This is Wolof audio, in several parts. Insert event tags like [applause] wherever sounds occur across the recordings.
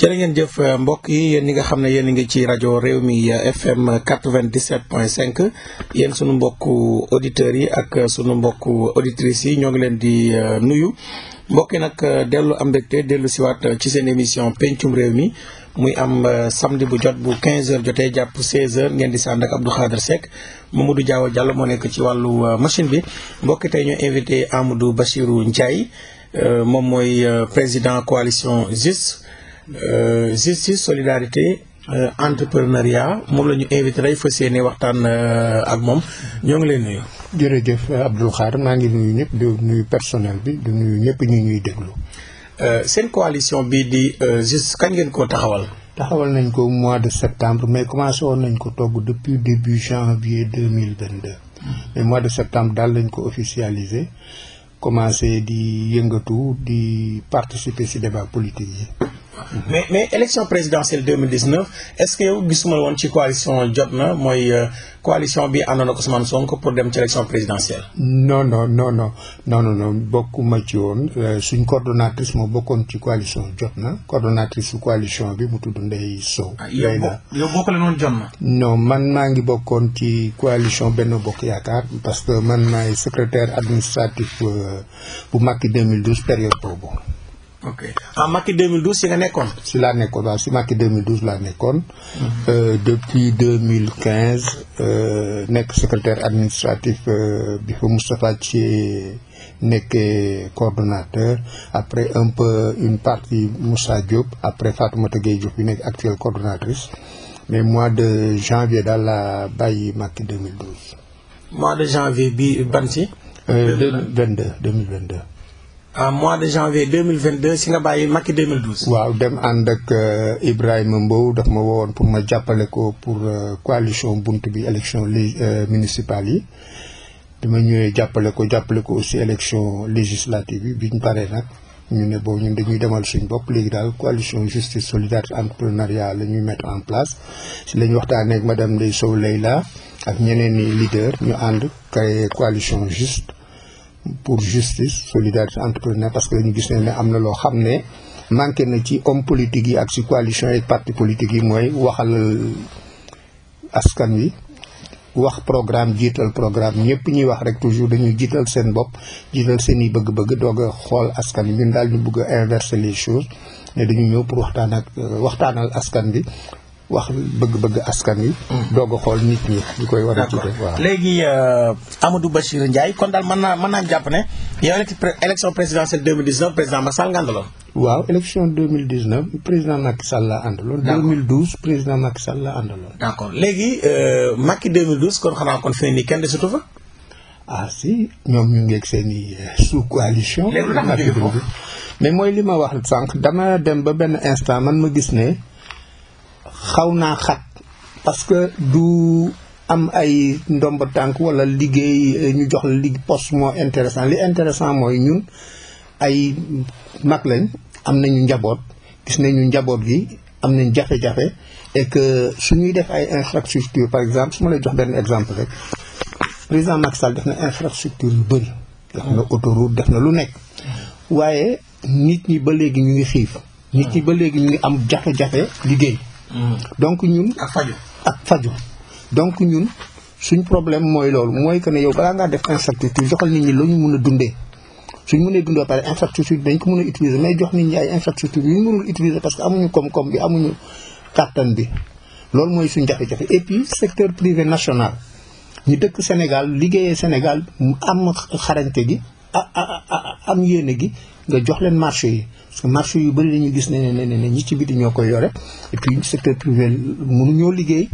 jërë ngeen jëf mbokk yi yéen ñi nga xam ne yéen a ngi ci rajo réew FM quatre vingt dix yéen sunu mbokku auditeurs yi ak sunu mbokku auditrices yi ñoo ngi leen di euh, nuyu. mbokk yi nag dellu am mbégte dellu siwaat ci seen émission pencum réew mi muy am euh, samedi bu jot bu quinze heures jotee jàpp seize heures ngeen di sànd ak Abdou moom Seck Mamadou Diaw Diallo moo nekk ci wàllu euh, machine bi mbokk tey ñu invité Amadou Bassirou Ndiaye moom mooy président coalition JISS. Euh, justice solidarité euh, entrepreneuriat moom la ñu invité lay fas ni waxtaan euh, ak moom ñoo ngi leen nuyu. jërëjëf Abdou Khadre maa ngi nuyu ñëpp di nuyu personnel bi di nuyu ñëpp ñu ñuy déglu. seen coalition bi di juste kañ ngeen ko taxawal. taxawal nañ ko mois de septembre mais commencé woon nañ ko togg depuis début janvier deux mille vingt deux. Hmm. mais mois de septembre daal lañ ko officialisé commencé di yëngatu di participer ci débat politique yi. Mm-hmm. mais mais élection présidentielle 2019 est-ce que yow gisuma woon ci coalition jot na mooy euh, coalition bi na àndoon ak Ousmane Sonko pour dem ci élection présidentielle. non non non non no non non bokkuma ci woon euh, suñ coordonnatrice moo bokkoon ci coalition jot na coordonnatrice su coalition bi mu tudd Ndeye Sow. Ah, yow bokk yow bokk la noonu jot na. non man maa ngi bokkoon ci coalition benn Bokk Yaakaar parce que man maay secrétaire administratif euh, bu Macky 2012 période boobu. ok ah Macky 2012 si nga nekkoon. si laa nekkoon waaw si Macky 2012 laa nekkoon. Euh, depuis 2015 euh, nekk secrétaire administratif euh, bi fa Moustapha ci nekk coordonnateur après un peu une partie Moussa Diop après Fatoumata Gueye Diop bi nekk actuelle coordonnatrice mais mois de janvier daal laa bàyyi Macky 2012. mois de janvier bi ban si. 2022 2022. en euh, mois de janvier 2022 si nga bàyyi Macky 2012. waaw dem ànd ak euh, Ibrahima Mbow daf ma woowoon pour ma jàppale ko pour euh, coalition bunt bi élection li municipale yi dama ñëwee jàppale ko jàppale ko aussi élection législative yi bi ñu paree nag ñu ne boobu ñu dañuy demal suñ bopp léegi daal coalition justice solidarité entrepreneuriat la ñuy mettre en place si la ñu waxtaanee ma dem Ndeye Sow Leila ak ñeneen i leader ñu ànd créer coalition juste pour justice solidarité entrepreneur parce que dañu gis ne am na loo xam ne manqué na ci homme politique yi ak ci coalition yi parti politique yi mooy waxal askan wi wax programme jiital programme ñëpp ñuy wax rek toujours dañuy jiital seen bopp jiital seen i bëgg-bëgg doog xool askan wi ñun daal ñu bëgg a inverser les choses ne dañu ñëw pour waxtaan ak waxtaanal askan bi wax bëgg-bëgg askan wi. Hmm. doog a xool nit ñi ñu koy war a jiite waaw. léegi euh, Amadou Bachir Ndiaye kon daal mën naa man naa jàpp ne yow élection présidentielle 2019 président Macky Sall nga àndaloon. waaw élection 2019 président Macky Sall la àndaloon. 2012 président Macky Sall la àndaloon. d' accord léegi euh, Macky 2012 kon xanaa kon fi nii kenn desatu fa. ah si ñoom ñu ngi ak seen i sous coalition. mais mooy li ma wax sànq dama dem ba benn instant man ma gis ne. xaw naa xat parce que du am ay ndomba tànk wala liggéey eh, ñu jox la li poste moo intéressant li intéressant mooy ñun ay mag lañ am nañu njaboot gis nañu njaboot gi am nañ jafe-jafe et que suñuy def ay infrastructure par exemple su ma lay jox benn exemple rek président Macky Sall def na infrastructure yu bëri def na autoroute def na lu nekk waaye nit ñi ba léegi ñu ngi xiif nit ñi ba léegi ñu ngi am jafe-jafe liggéey donc ñun ak faju ak faju donc ñun suñ problème mooy loolu mooy que ne yow balaa ngaa def infrastructure joxal nit ñi la ñu mun a dundee suñ mënee dundee pare infrastructure dañ ko mën a utiliser mais jox nit ñi ay infrastructure yu ñu mënul utiliser parce que amuñu koom-koom bi amuñu kàttan bi loolu mooy suñ jafe-jafe et puis secteur privé national ñu dëkk Sénégal liggéeyee Sénégal am xarañte gi am yéene gi nga jox leen marché yi parce que marché yu bëri dañuy gis ne ne ne ñi ci biti ñoo koy yore et puis secteur privé mënuñoo liggéey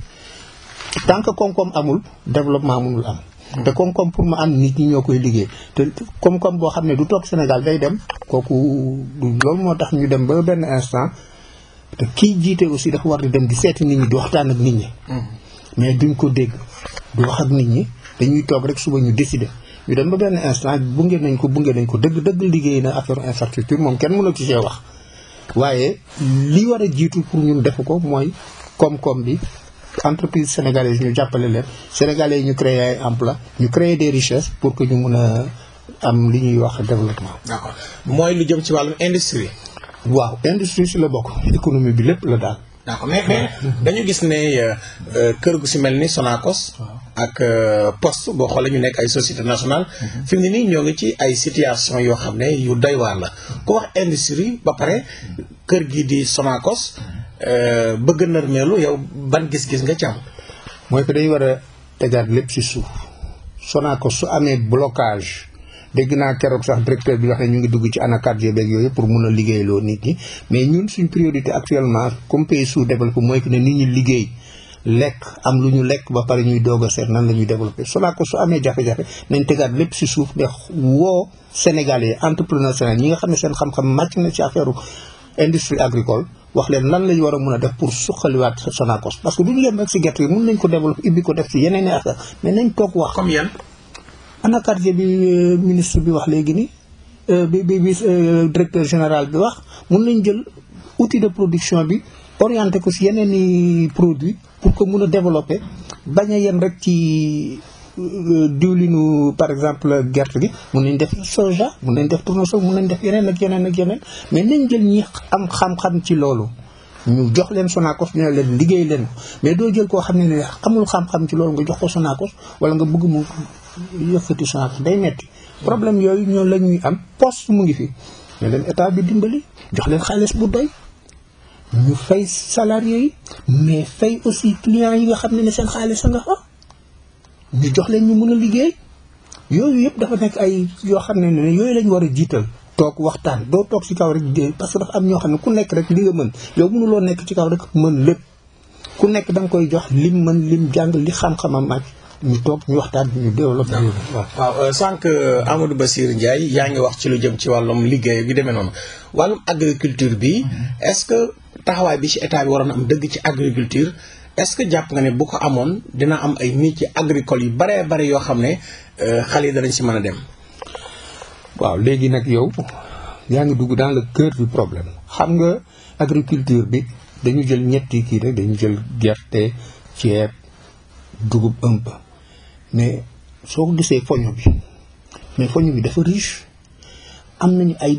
tant que koom amul développement mënul am. te koom-koom pour mu am nit ñi ñoo koy liggéey te koom-koom boo xam ne du toog Sénégal day dem kooku loolu moo tax ñu dem ba benn instant te kii jiite aussi dafa war di dem di seeti nit ñi di waxtaan ak nit ñi. Mm-hmm. mais duñ ko dégg du wax ak nit ñi dañuy toog rek suba ñu décider. ñu dem ba benn instant bunge nañ ko bunge nañ ko dëgg dëgg liggéey na affaire infrastructure moom kenn mënatu cee wax waaye li war a jiitu pour ñun defu ko mooy koom-koom bi entreprise sénégalaise ñu jàppale leen sénégalais yi ñu créer ay emploi ñu créer des richesses pour que ñu mun a am li ñuy wax développement. d'accord mooy lu jëm ci wàllum industrie. waaw industrie si la bokk économie bi lépp la daal. d'accord mais dañu gis ne euh, euh, kër gu si mel ni Sonacos. ak euh, post boo xool ñu nekk ay société nationale mhm. fi mu ne nii ñoo ngi ci ay situation yoo xam ne yu doy waar la ku wax industrie ba pare kër gi di Sonacos bëgg nërmeelu yow ban gis-gis nga ci am. mooy que dañu war a tegaat lépp ci suuf Sonacos su amee blocage. dégg naa keroog sax directeur bi wax ne ñu ngi dugg ci anacarde beeg yooyu pour mun a liggéeyloo nit ñi mais ñun suñ priorité actuellement comme pays sous-développé mooy que ne nit ñi liggéey lekk am lu ñu lekk ba pare ñuy doog a seet nan la ñuy développé sulaa su amee jafe-jafe nañ tegaat lépp si suuf de woo sénégalais entrepreneur sénégalais ñi nga xam ne seen xam-xam màcc na ci affaire industrie agricole wax leen lan lañ war a mën a def pour suqaliwaat Sonacos parce que duñu leen rek si gerte yi mën nañ ko développer ibbi ko def si yeneen i affaire mais wax. comme yan. ana quartier bi euh, ministre bi wax léegi ni euh, bi bi bi euh, directeur général bi wax mun nañ jël outil de production bi orienté ko si yeneen i produit pour ko mun a développer bañ a yem rek ci diwlinu par exemple gerte gi mun nañ def soja mun nañ def tournesol mun nañ def yeneen ak yeneen ak yeneen mais nañ jël ñi am xam-xam ci loolu ñu jox leen Sonacos ñu ne leen liggéey leen mais doo jël koo xam ne ne amul xam-xam ci loolu nga jox ko Sonacos wala nga bëgg mu yëkkati Sonacos day metti problème yooyu ñoo la ñuy am post mu ngi fi ñu leen état bi dimbali jox leen xaalis bu doy ñu fay salarié yi mais fay aussi clients yi nga xam ne ne seen xaalis a nga fa ñu jox leen ñu mën a liggéey yooyu yëpp dafa nekk ay yoo xam ne ne yooyu lañ war a jiital toog waxtaan doo toog ci kaw rek dee parce que dafa am ñoo xam ne ku nekk rek li nga mën yow mënuloo nekk ci kaw rek mën lépp ku nekk danga koy jox lim mën lim jàng li xam-xamam ak ñu toog ñu waxtaan ñu euh, sànq euh, Amadou Bassirou Ndiaye yaa ngi wax ci lu jëm ci wàllum liggéey bi demee noonu wàllum agriculture bi mhm. es ce que taxawaay bi ci état bi waroon am dëgg ci agriculture. est-ce que jàpp nga ne bu ko amoon dina am ay métiers agricole yu baree bari yoo xam ne euh, xale yi danañ si mën a dem. waaw léegi nag yow yaa ngi dugg dans le cœur du problème xam nga agriculture bi dañu jël ñetti kii rek dañu jël gerte ceeb dugub un peu mais soo gisee foño bi mais foño bi dafa riche am nañu ay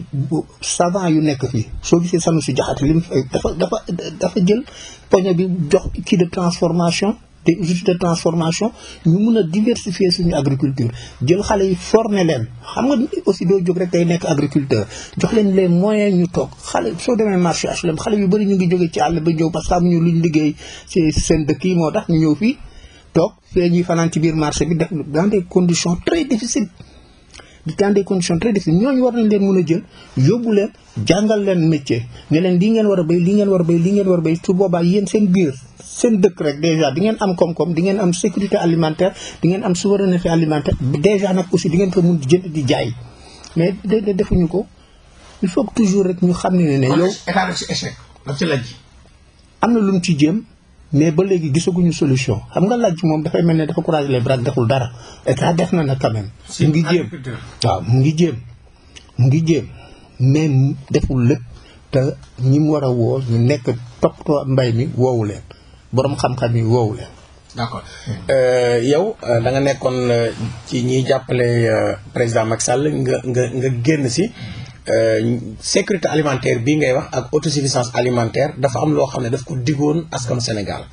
savant yu nekk fii soo gisee sanu si jaxate li mu dafa dafa dafa jël poño bi jox kii de transformation te outils de transformation ñu mun a diversifier suñu agriculture jël xale yi former leen xam nga aussi doo jóg rek day nekk agriculteur jox leen les moyens ñu toog xale soo demee marché HLM xale yu bëri ñu ngi jógee ci àll ba ñëw parce que lu ñu liggéey seen dëkk yi moo tax ñu ñëw fii toog fee ñuy fanaan ci biir marché bi def dans des conditions très difficiles di dans de conditions très ñooñu war nañ leen mën a jël yóbbu leen jàngal leen métier ne leen lii ngeen war a béy lii ngeen war a béy lii ngeen war a béy su boobaa yéen seen biir seen dëkk rek déjà di ngeen am koom-koom di ngeen am sécurité alimentaire di ngeen am souveraineté alimentaire déjà nag aussi di ngeen fa mun jënd di jaay mais déedéet defuñu ko il faut que toujours rek ñu xam ne ne yow. état ci échec am na lu mu ci jéem. mais ba léegi gisaguñu solution xam nga laaj moom dafay mel ne dafa courage les bras deful dara état def na na quand même mu ngi jéem waaw mu ngi jéem mu ngi jéem mais deful lépp te ñi mu war a woo ñu nekk toppatoo mbay mi woowu leen borom xam-xam yi woowu leen d'accord hmm. euh, yow euh, da nga nekkoon euh, ci ñiy jàppale président Macky Sall nga nga nga génn si hmm. Euh, sécurité alimentaire bii ngay wax ak autosuffisance alimentaire dafa am loo xam ne daf ko diggoon askanu Sénégal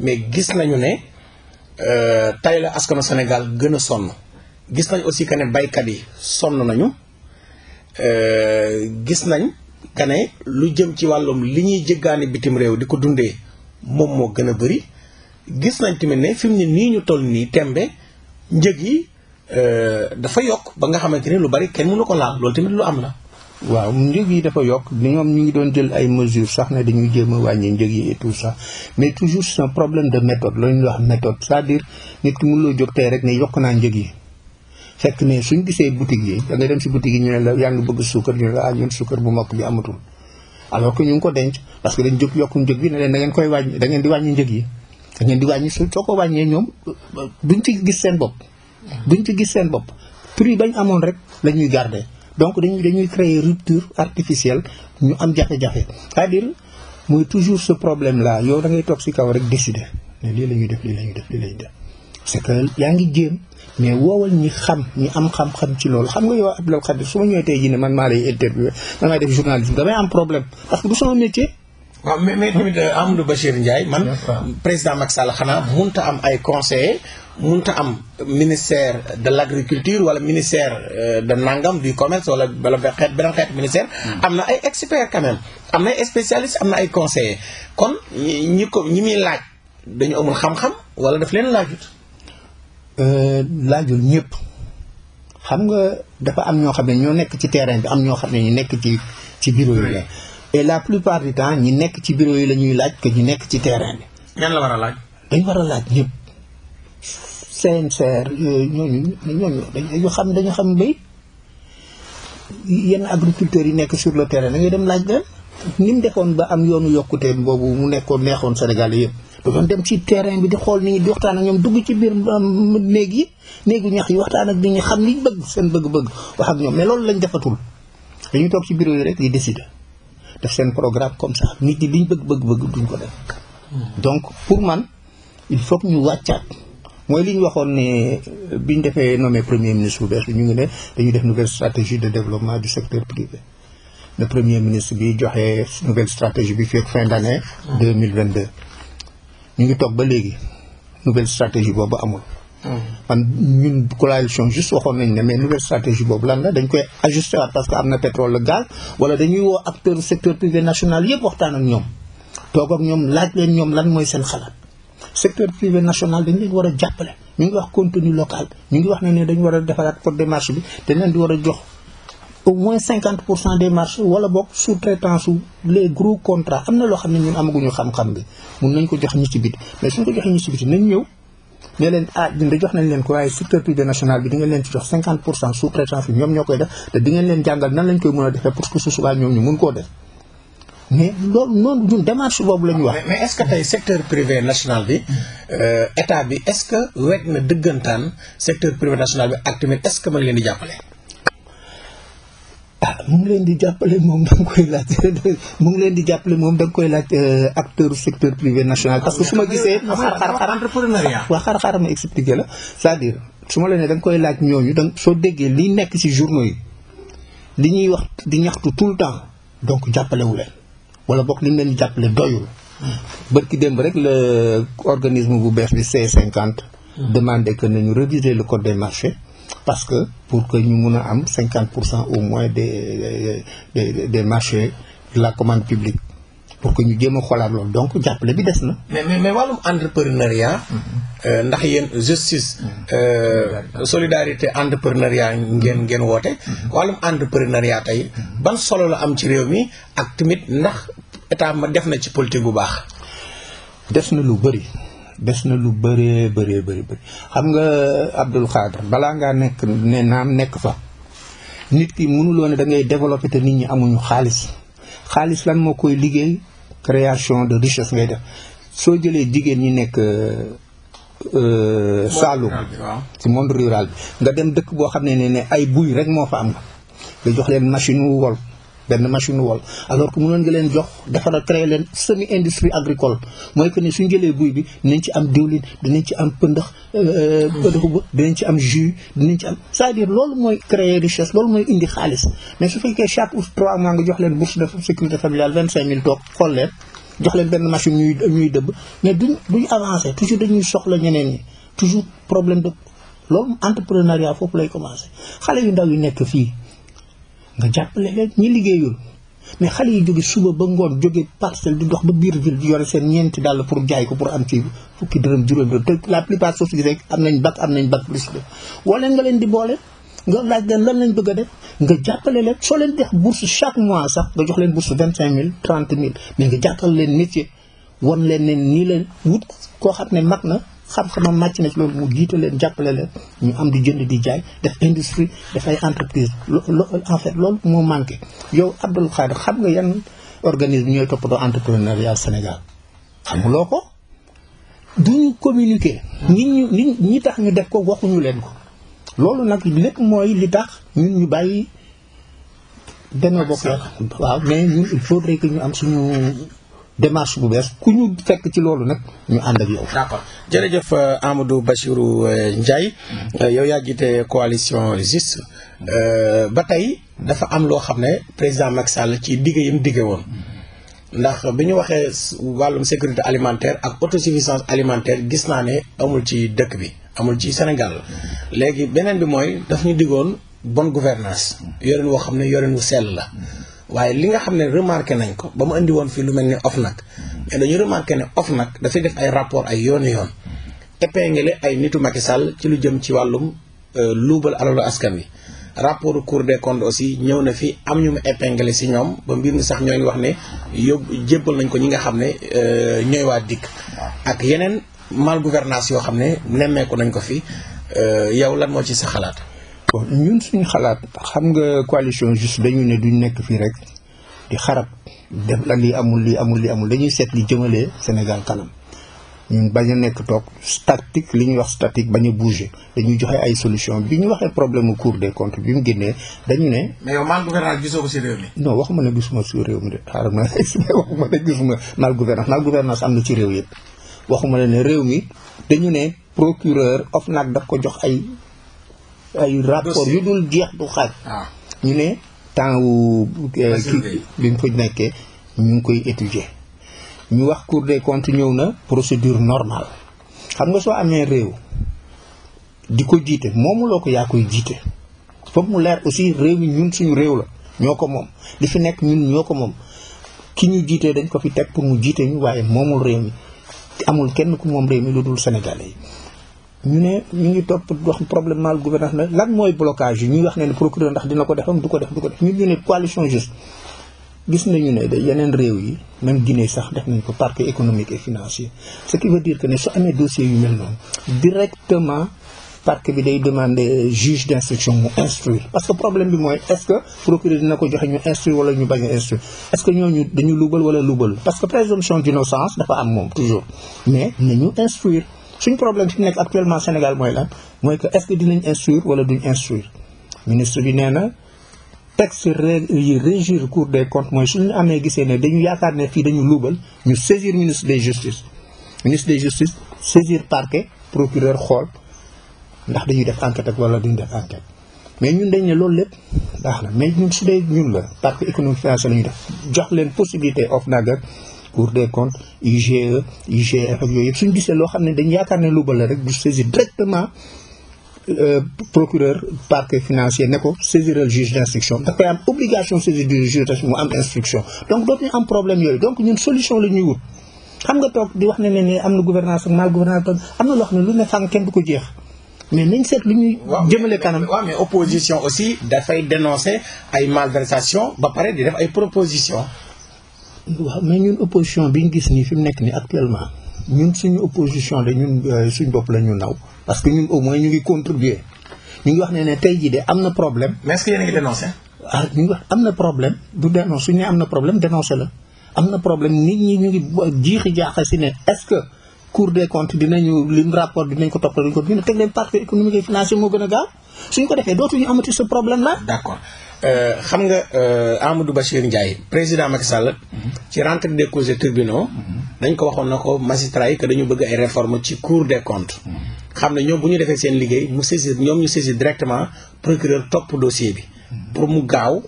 mais gis nañu ne euh, tey la askanu Sénégal gën a sonn gis nañ aussi que ne baykat yi sonn nañu euh, gis nañ que lu jëm ci wàllum li ñuy jëggaani bitim réew di ko dundee moom moo gën a bëri gis nañ tamit ne fi mu ne nii ñu toll nii tembe njëg yi dafa yokk ba nga xamante ni lu bari kenn mënu ko laal loolu tamit lu am na waaw njëg yi dafa yokk ñoom ñu ngi doon jël ay mesures sax ne dañuy jéem a wàññi njëg yi et tout ça mais toujours c'est un problème de méthode la ñuy wax méthode c'est-à-dire nit ki mënuloo rek ne yokk naa njëg yi fekk ne suñ gisee boutique yi da ngay dem si boutique yi ñu ne la yaa bëgg suukar ñu ne la ah suukar bu mokk bi amatul alors que ñu ngi ko denc parce que dañ jóg yokk njëg bi ne leen da ngeen koy wàññi da ngeen di wàññi njëg yi da ngeen di wàññi su soo ko wàññee ñoom duñ ci gis seen bopp bu ñu ci gis seen bopp prix bañ amoon rek la ñuy garder donc dañuy dañuy créer rupture artificielle ñu am jafe-jafe mooy toujours ce problème laa yow da ngay toog si kaw rek décider lii la ñuy def lii la ñuy def lii la ñuy def c'est que yaa ngi jéem mais woowal ñi xam ñi am xam-xam ci loolu xam nga yow Abdoul Khadir su ma ñëwee tey jii man maa lay interviewé man maay def journalisme damay am problème parce que du sama métier. waaw mais mais tamit euh, Amadou Bachir Ndiaye man président Macky Sall xanaa mënut ta am ay conseillers munta am ministère de l' agriculture wala ministère euh, de nangam du commerce wala wala xeet beneen xeet ministère hmm. am na ay experts quand même am na ay spécialistes am na ay conseillers kon ñi ko ñi muy laaj dañu amul xam-xam wala daf leen laajut euh, laajul ñëpp xam nga dafa am ñoo xam ne ñoo nekk ci terrain bi am ñoo xam ne ñu nekk ci ci bureau yi la et la plupart du temps ñi nekk ci bureau yi la ñuy laaj que ñu nekk ci terrain bi ñan la war a laaj dañ war a laaj ñëpp CNCR yooyu ñooñu ñooñu dañu xam dañu xam mbéy yenn agriculteurs yi nekk sur le terrain da ngay dem laaj leen ni mu defoon ba am yoonu yokkutee boobu mu nekkoon neexoon Sénégal yëpp. da dem ci terrain bi di xool nit ñi di ak ñoom dugg ci biir um, néeg yi néegu ñax yi waxtaan ak nit ñi xam liñ bëgg seen bëgg-bëgg wax ñoom mais loolu lañ defatul dañuy toog ci bureau yi rek di décider def seen programme comme ça nit ñi liñ bëgg bëgg bëgg duñ hmm. donc pour man il faut ñu wàccaat. mooy li ñu waxoon ne euh, bi ñu defee nommé premier ministre bu bees bi ñu ngi ne dañuy def nouvelle stratégie de développement du secteur privé le premier ministre bi joxe nouvelle stratégie bi fekk fin d' année. 2022 ñu ngi toog ba léegi nouvelle stratégie boobu amul. Ah. man ñun coalition juste waxoon nañ ne mais nouvelle stratégie boobu lan la dañ koy ajusté waat parce que am na pétrole le gaz wala dañuy woo acteur secteur privé national yëpp waxtaan ak ñoom toog ñoom laaj leen ñoom lan mooy seen xalaat. secteur privé national dañ leen war a jàppale ñu ngi wax contenu local ñu ngi wax ne ne dañ war a defaraat code de marché bi dañ leen di war a jox au moins cinquante pour cent des marchés wala boog sous-traitance su loo xam ne ñun amaguñu xam-xam bi mun ko jox ñi ci biti mais suñ ko joxee ñi ci biti nañ ñëw ne leen ah da jox nañ leen ko waaye secteur privé national bi di leen ci jox cinquante pour cent sous-traitance bi ñoom ñoo koy def te di leen jàngal nan lañ koy mën a defee pour que su subaa ñoom mais loolu noonu ñun démarche boobu la ñu wax. Ah, mais est-ce que tey secteur privé national bi euh, état bi est-ce que wegg na dëggantaan secteur privé national bi ak est-ce que mën leen di jàppale. ah mu ngi leen di jàppale moom da nga koy laaj [laughs] ngi leen di jàppale moom da koy laaj euh, acteur secteur privé national. parce que su ma gisee. entrepreneuriat waaw xaaral xaaral ma expliquer la c'est-à-dire su ma la nee da nga koy laaj ñooñu da soo déggee li nekk ci journaux yi li ñuy wax di ñaxtu tout le temps donc jàppalewu leen. wala bokk li mu leen di jàppale doyul. bërki démb rek le organisme bu bees bi C50. demandé que nañu réviser le code des marché parce que pour que ñu mun a am 50 pour cent au moins des des des marché de la commande publique. pour que ñu jéem a xoolaat loolu donc jàppale bi des na. mais mais mais wàllum entrepreneuriat. Mm-hmm. Euh, ndax yéen justice. Mm-hmm. Euh, solidarité entrepreneuriat ngeen ngeen woote. Mm-hmm. wàllum entrepreneuriat tey ban solo la am ci réew mi ak tamit ndax état ma def na ci politique bu baax. des na lu bëri. des na lu bëri bëree bëri bëri xam nga Abdul Xaadir balaa ngaa nekk ne naan nekk fa nit ki mënuloon ne da ngay développé te nit ñi amuñu xaalis xaalis lan moo koy liggéey création de richesse ngay def soo jëlee jigéen ñi nekk euh, euh, Saalum ci monde rural nga dem dëkk boo xam ne ne ay buy rek moo fa am nga jox leen machine wol benn machine wol alors que mënoon nga leen jox defar créer leen semi industrie agricole mooy que ne suñ jëlee buy bi dinañ ci am diwlin dinañ ci am pëndax euh, euh, mm. pëndaxu ba dinañ ci am jus dinañ ci am c'est-à-dire loolu mooy créer richesse loolu mooy indi xaalis mais su fekkee chaque août trois mois nga jox leen bourse de sécurité familiale vingt cinq mille toog xool leen jox leen benn machine ñuy ñuy dëbb mais duñ duñ avancer toujours dañuy soxla ñeneen yi toujours problème de loolu entrepreneuriat foofu lay commencer xale yu ndaw yu nekk fii nga jàppale leen ñi liggéeyul mais xale yi jóge suba ba ngoon jóge parcelle di dox ba biir ville di yore seen ñeenti dàll pour jaay ko pour am ci fukki dërëm juróom dërëm te la plupart soo gisee am nañ bac am nañ bac plus de woo leen di boole nga laaj leen lan lañ bëgg def nga jàppale leen soo leen def bourse chaque mois sax nga jox leen bourse vingt cinq mille trente mille mais nga jàppale leen métier wan leen ne nii la wut koo xam ne mag na xam-xamam màcc na ci loolu mu jiite leen jàppale leen ñu am di jënd di jaay def industrie def ay entreprise en fait loolu moo manqué yow Abdoul Khadre xam nga yan organisme ñooy toppatoo entrepreneuriat Sénégal xamuloo ko duñu communiquer nit ñu nit ñi tax ñu def ko waxuñu leen ko loolu nag lépp mooy li tax ñu ñu bàyyi benn bokk waaw mais ñun il faut que ñu am suñu démarche bu bees ku ñu fekk ci loolu nag ñu ànd ak yow. d'accord jërëjëf euh, Amadou Bassirou euh, Ndiaye euh, yow yaa jiite coalition juste ba tey dafa am loo xam ne président Macky Sall ci digg yi mu woon. ndax bi ñu waxee wàllum sécurité alimentaire ak autosuffisance alimentaire gis naa ne amul ci dëkk bi amul ci Sénégal léegi beneen bi mooy daf ñu diggoon bonne gouvernance yoreen woo xam ne yoreen wu sell la waaye li nga xam ne remarqué nañ ko ba mu indi woon fii lu mel ni OFNAC mais dañu remarqué ne nag dafay def ay rapport ay yoonu yoon épinglé ay nitu Macky ci lu jëm ci wàllum euh, luubal alalu askan wi rapport Cour des comptes aussi ñëw na fi am ñu mu épinglé si ñoom ba mbir mi sax ñoo ngi wax ne yóbbu jébbal nañ ko ñi nga xam ne euh, ñooy waa dikk ak yeneen mal malgouvernance yoo xam ne nemmeeku nañ ko fi euh, yow lan moo ci sa xalaat bon ñun suñu xalaat xam nga coalition juste dañu ne duñ nekk fii rek di xarab def la lii amul lii amul lii amul dañuy seet li jëmalee Sénégal kanam ñun bañ a nekk toog statique li ñuy wax statique bañ a bouger dañuy joxe ay solution bi ñu waxee problème mu Cour des comptes bi mu génnee dañu ne. mais yow mal gouvernance gisoo ko si réew mi. non ne gisuma su réew mi de xaaral ma [laughs] waxuma ne gisuma mal gouvernance mal gouvernance am na ci réew yëpp waxuma ne ne réew mi dañu ne procureur OFNAC daf ko jox ay ay rapport yu dul jeex du xaaj ah. ñu ne temps wu euh, kii bi mu fa nekkee ñu ngi koy étudier ñu wax cour des comptes ñëw na procédure normal xam nga soo amee réew di ko jiite moomuloo ko yaa koy jiite foog mu leer aussi réew mi ñun suñu réew la ñoo ko moom li fi nekk ñun ñoo ko moom ki ñu jiitee dañ ko fi teg pour mu jiite ñu waaye moomul réew mi amul kenn ku moom réew mi lu dul sénégalais yi ñu ne ñu ngi topp wax problème mal gouvernance na lan mooy blocage yi ñuy wax ne ne procureur ndax dina ko defam du ko def du ko def ñun ñu ne coalition juste gis nañu ne da yeneen réew yi même Guinée sax def nañ ko parquet économique et financier ce qui veut dire que ne su amee dossier yu mel noonu directement parquet bi day demander juge d'instruction mu instruire parce que problème bi mooy est que procureur dina ko joxe ñu instruire wala ñu bañ a instruire est-ce que ñooñu dañu luubal wala luubal parce que présomption d'innocence dafa am moom toujours mais nañu instruire suñ problème fi nekk actuellement Sénégal mooy lan mooy que est-ce que dinañ instruire wala duñ instruire ministre bi nee na texte yi régir cour des comptes mooy suñu amee gisee ne dañu yaakaar ne fii dañu luubal ñu saisir ministre des justice ministre des justice saisir parquet procureur xool ndax dañuy def enquête ak wala duñu def enquête mais ñun dañ ne loolu lépp daax na mais ñun su dee ñun la parquet économique financier la ñu def jox leen possibilité of nag pour de comptes IGE IGF ak yooyu yëpp suñu gisee loo xam ne dañ yaakaar ne lu ba la rek du saisir directement euh, procureur parquet financier ne ko saisiral juge d'instruction dafay am obligation saisir du juge d'instruction mu am instruction donc dootuñu am problème yooyu donc ñun solution la ñuy wut xam nga toog di wax ne ne ne am na gouvernance ak mal gouvernance am na loo xam ne lu ne fànn kenn du ko jeex mais nañ seet lu ñuy jëmale kanam waaw mais opposition aussi dafay dénoncer ay malversation ba pare di def ay proposition waaw mais ñun opposition bi ñu gis nii fi mu nekk nii actuellement ñun suñu opposition de ñun euh, suñu bopp la ñu naw parce que ñun au moins ñu ngi contribuer ñu ngi wax ne ne tey jii de am na problème. mais est-ce ngi dénoncé. ah ñu ngi wax am na problème du dénoncé suñu ne am na problème dénoncé la am na problème nit ñi ñu ngi jiixi jaaxa si ne est-ce que cour des comptes dinañu lim rapport dinañ ko toppal duñ ko dina teg leen partie économique et financier moo gën a gaaw suñ ko defee dootuñu amati ce problème là. d'accord. Euh, xam nga euh, Amadou Bachir Ndiaye président Macky Sall ci rentrée des causes tribunaux dañ ko waxoon na ko magistrat yi que dañu bëgg ay réformes ci cour de comptes xam ne ñoom bu ñu defee seen liggéey mu saisir ñoom ñu saisir directement procureur topp dossier bi pour mu gaaw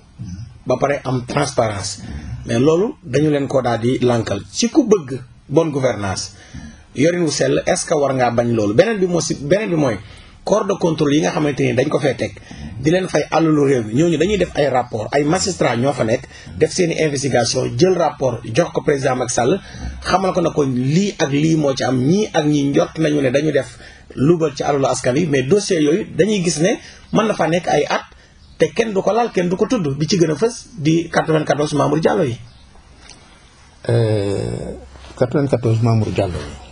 ba pare am transparence mais loolu dañu leen ko daal di lankal ci ku bëgg bonne gouvernance yorin wu sell est-ce que war ngaa bañ loolu beneen bi moo si beneen bi mooy corps de contrôle yi nga xamante ni dañ ko fee teg di leen fay alalu réew mi ñooñu dañuy def ay rapport ay magistrat ñoo fa nekk def seen i investigation jël rapport jox ko président Macky Sall xamal ko na ko lii ak lii moo ci am ñii ak ñii njot nañu ne dañu def lubal ci alalu askan yi mais dossier yooyu dañuy gis ne mën na fa nekk ay at te kenn du ko laal kenn du ko tudd bi ci gën a fës di 94 Mamour Diallo yi. 94 euh, Mamour Diallo yi.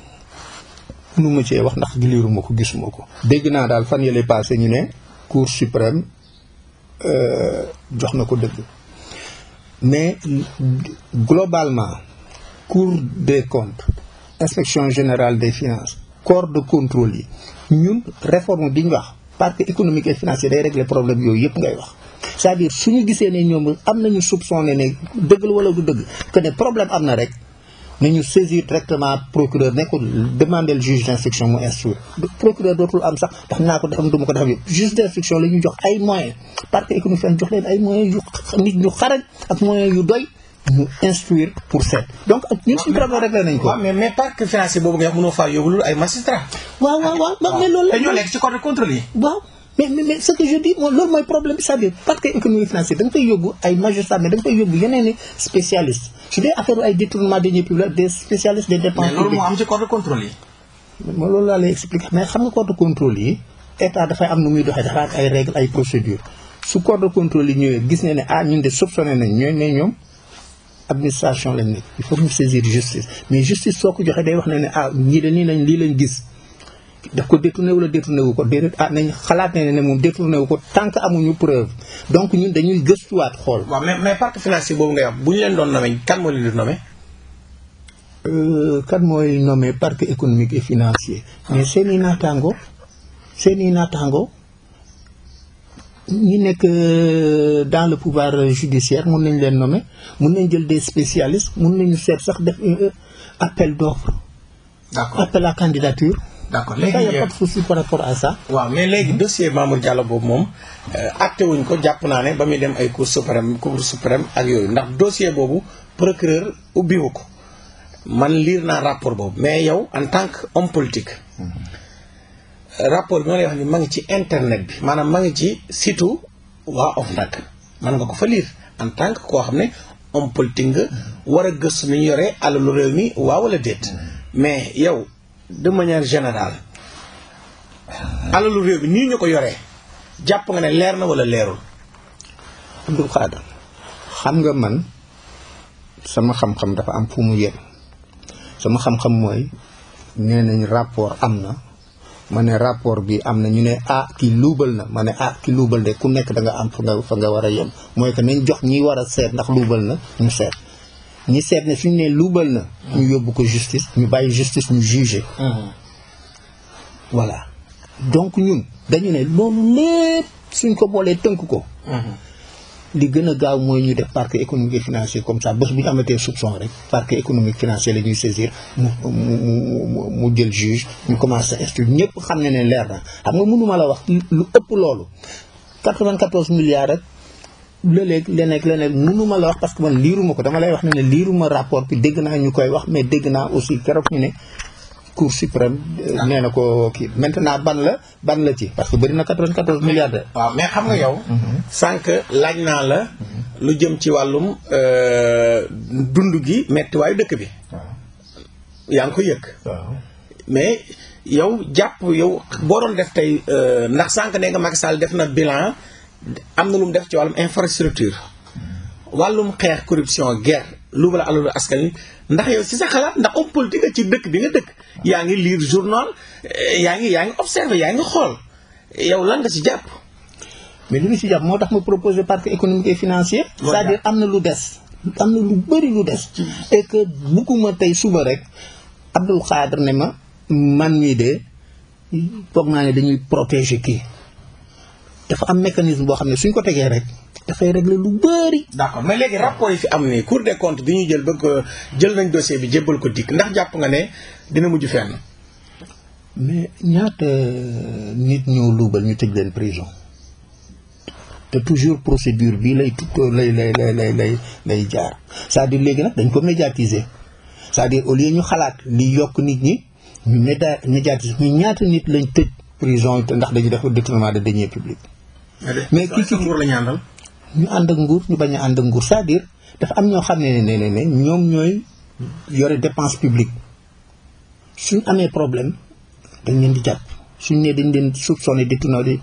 mu cee wax ndax liiruma ko gisuma ko. dégg naa daal fan yële passé ñu ne cour suprême euh, jox na ko dëgg mais globalement cour des comptes inspection générale de finances corps de contrôle yi ñun réforme bi ñu wax parce que économique et financier day régler problème yooyu yëpp ngay wax. cest à su ñu gisee ne ñoom am nañu soupçonné ne dëgg la wala du dëgg que ne problème am na rek. nañu saisir directement procureur ne ko demander juge d'instruction mu instruire procureur dootul am sax def naa ko def am du ma ko def juge d'instruction la jox ay moyens parquet économique jox leen ay moyens yu doy mu instruire pour seet donc ñun suñu problème réglé nañ ko. la. te ñoo mais mais ce que je dis moom loolu mooy problème bi c'est-à-dire parce que économie financière da nga fay yóbbu ay magistrat mais da nga yóbbu yeneen i spécialiste su dee affaire ay détournement de deniers publics mais xam nga corps de contrôle yi état dafay am nu muy doxee dafa ak ay règles ay procédures su corps de contrôle yi ñëwee gis ne ne ah ñun de soupçonné nañ ñooy ne ñoom administration lañ nekk il faut ñu saisir justice mais justice soo ko joxee day wax ne ne ah, ñii de nii lañ lii lañ gis daf ko détourné wala détourné wu ko déedéet ah nañ xalaat ne ne moom détourné wu ko tant que amuñu preuve donc ñun dañuy gëstuwaat xool. waaw mais mais parc financier boobu ngay wax bu ñu leen doon nommé kan moo leen di nommé. Euh, kan mooy nommé parc économique et financier. Ah. mais seen i naataango seen i naataango ñi nekk euh, dans le pouvoir judiciaire mun nañ leen nommé mun nañ jël de spécialistes mun nañu seet sax def euh, appel d'offre. d'accord appel d' accord léegi il y euh, rapport à waaw mais léegi dossier Mamour Diallo boobu moom euh, acté wuñ ko jàpp naa ne ba muy dem ay cour suprême cour suprême ak yooyu ndax dossier boobu procureur ubbiwu ko man liir naa rapport boobu mais yow en tant que homme politique. Mhm. rapport bi ma lay wax ni ci internet bi maanaam ma ngi ci site waa OFNAC man nga ko fa liir en tant que koo xam ne homme politique nga mhm. war a gëstu nu ñu yoree alalu réew mi waaw wala déet mhm. mais yow de manière générale alalu réew bi nii ñu ko yore jàpp nga ne leer na wala leerul Abdou Khadre xam nga man sama xam-xam dafa am fu mu yem sama xam-xam mooy nee nañ rapport am na ma ne rapport bi am na ñu ne ah ki luubal na ma ne ah ki luubal de ku nekk da nga am fa nga fa nga war a yem mooy que nañ jox ñi war a seet ndax luubal na ñu seet ñu seet ne suñu nee luubal na. ñu yóbbu ko justice ñu bàyyi justice ñu juger. voilà donc ñun dañu ne loolu lépp suñ ko boolee tënk ko. li gën a gaaw mooy ñu def parquet économique et financier comme ça bés bu ñu amatee soupçon rek parquet économique financier la ñuy saisir mu mu mu jël juge ñu commencé estu ñëpp xam ne ne leer na xam nga mënuma la wax lu ëpp loolu 94 milliards rek. lëleeg leneeg leneeg mënuma la wax parce que man liiruma ko dama lay wax ne ne liiruma rapport bi dégg naa ñu koy wax mais dégg naa aussi keroog ñu ne cour suprême euh, ah. nee na ko kii maintenant ban la ban la ci parce que bëri na 94 milliards de waaw mais xam nga yow mhm. sànq laaj naa la lu jëm ci wàllum euh, dund gi mettiwaayu dëkk bi yaa ngi ko yëg mais yow jàpp yow boo doon def tey euh, ndax sànq ne nga Macky Sall def na bilan am na lu mu def ci wàllum infrastructure wàllum xeex corruption guerre lu bala alalu askan wi ndax yow si sa xalaat ndax homme politique ci dëkk bi nga dëkk yaa ngi lire journal eh, yaa ngi yaa ngi observé yaa ngi xool yow lan nga ci jàpp mais li nga si jàpp moo tax ma proposé parc économique et financier c'est-à-dire am na lu des am na lu bëri lu des et que bugguma tey suba rek Abdoul Khadre ne ma man mii de foog naa ne dañuy protéger kii dafa am mécanisme boo xam ne suñ ko tegee rek dafay régler lu bëri. d'accord mais léegi rapport yi fi am nii Cour des comptes bi ñuy jël ba jël nañ dossier bi jébbal ko dikk ndax jàpp nga ne dina mujj fenn. mais ñaata euh, nit ñoo luubal ñu tëj leen prison te toujours procédure bii lay tout lay lay lay lay lay jaar cest léegi nag dañ ko médiatiser c'est-à-dire ñu xalaat li yokk nit ñi ñu médiatiser ñu ñaata nit lañ tëj prison ndax dañu def détournement de deniers publics mais kii ci nguur la ñu àndal ñu ànd nguur ñu bañ a ànd ak nguur c'est-à-dire dafa am ñoo xam ne ne ne ne ñoom ñooy yore dépense publique suñ amee problème dañ leen di jàpp suñ ne dañ leen soupçonné di tunaaw di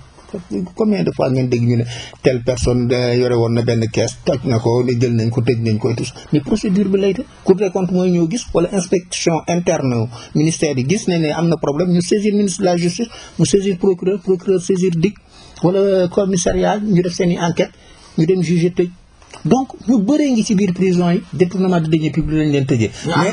combien de fois ngeen ñu ne telle personne euh, yore woon na benn kees toj na ko ne jël nañ ko tëj nañ koy tus mais procédure bi lay te cour des comptes mooy ñoo gis wala inspection interne ministère yi gis ne ne am na problème ñu saisir ministre de la justice mu saisir procureur procureur saisir DIC wala commissariat ñu def seen i enquête ñu dem juger tëj donc ñu bëree ngi ci biir prison yi détournement de deniers publics lañ leen tëjee. mais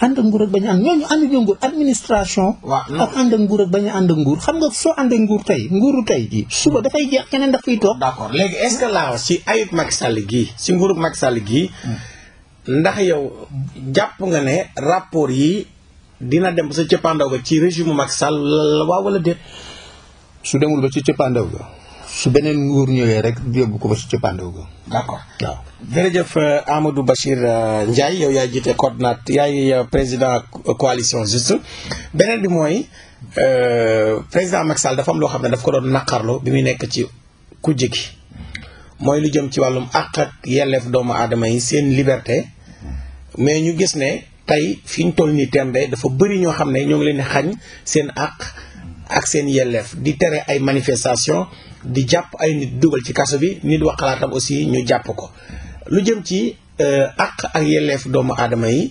ànd ak nguur ak bañ a ànd ñooñu ànd ñoo nguur administration. ak ànd ak nguur ak bañ a ànd nguur xam nga soo ànd ak nguur tey nguuru tey jii suba dafay jeex keneen daf fiy toog. d'accord léegi est-ce que laaw si ayub mag Sall gi si nguuru mag Sall gii hmm. ndax yow jàpp nga ne rapport yi dina dem ba sa cëppaandaw ga ci régime Macky Sall la waa wala déet. su demul ba ci cëppaandaw ga su beneen nguur ñëwee rek yóbbu ko ba ci cëppaandaw ga. d'accord waaw. jërëjëf euh, Amadou Bachir euh, Ndiaye yow yaay jiite coordonnateur yaay euh, président coalition juste beneen bi mooy président Macky Sall dafa am loo xam ne daf ko doon naqarlu bi muy nekk ci kujje gi mooy lu jëm ci wàllum àq ak yelleef doomu aadama yi seen liberté mais ñu gis ne tey fi ñu toll nii tembe dafa bëri ñoo xam ne ñoo ngi leen di xañ seen àq. ak seen yelleef di tere ay manifestation di jàpp ay nit ci kaso bi nit wax xalaatam aussi ñu jàpp ko lu jëm ci euh, àq ak yelleef doomu aadama yi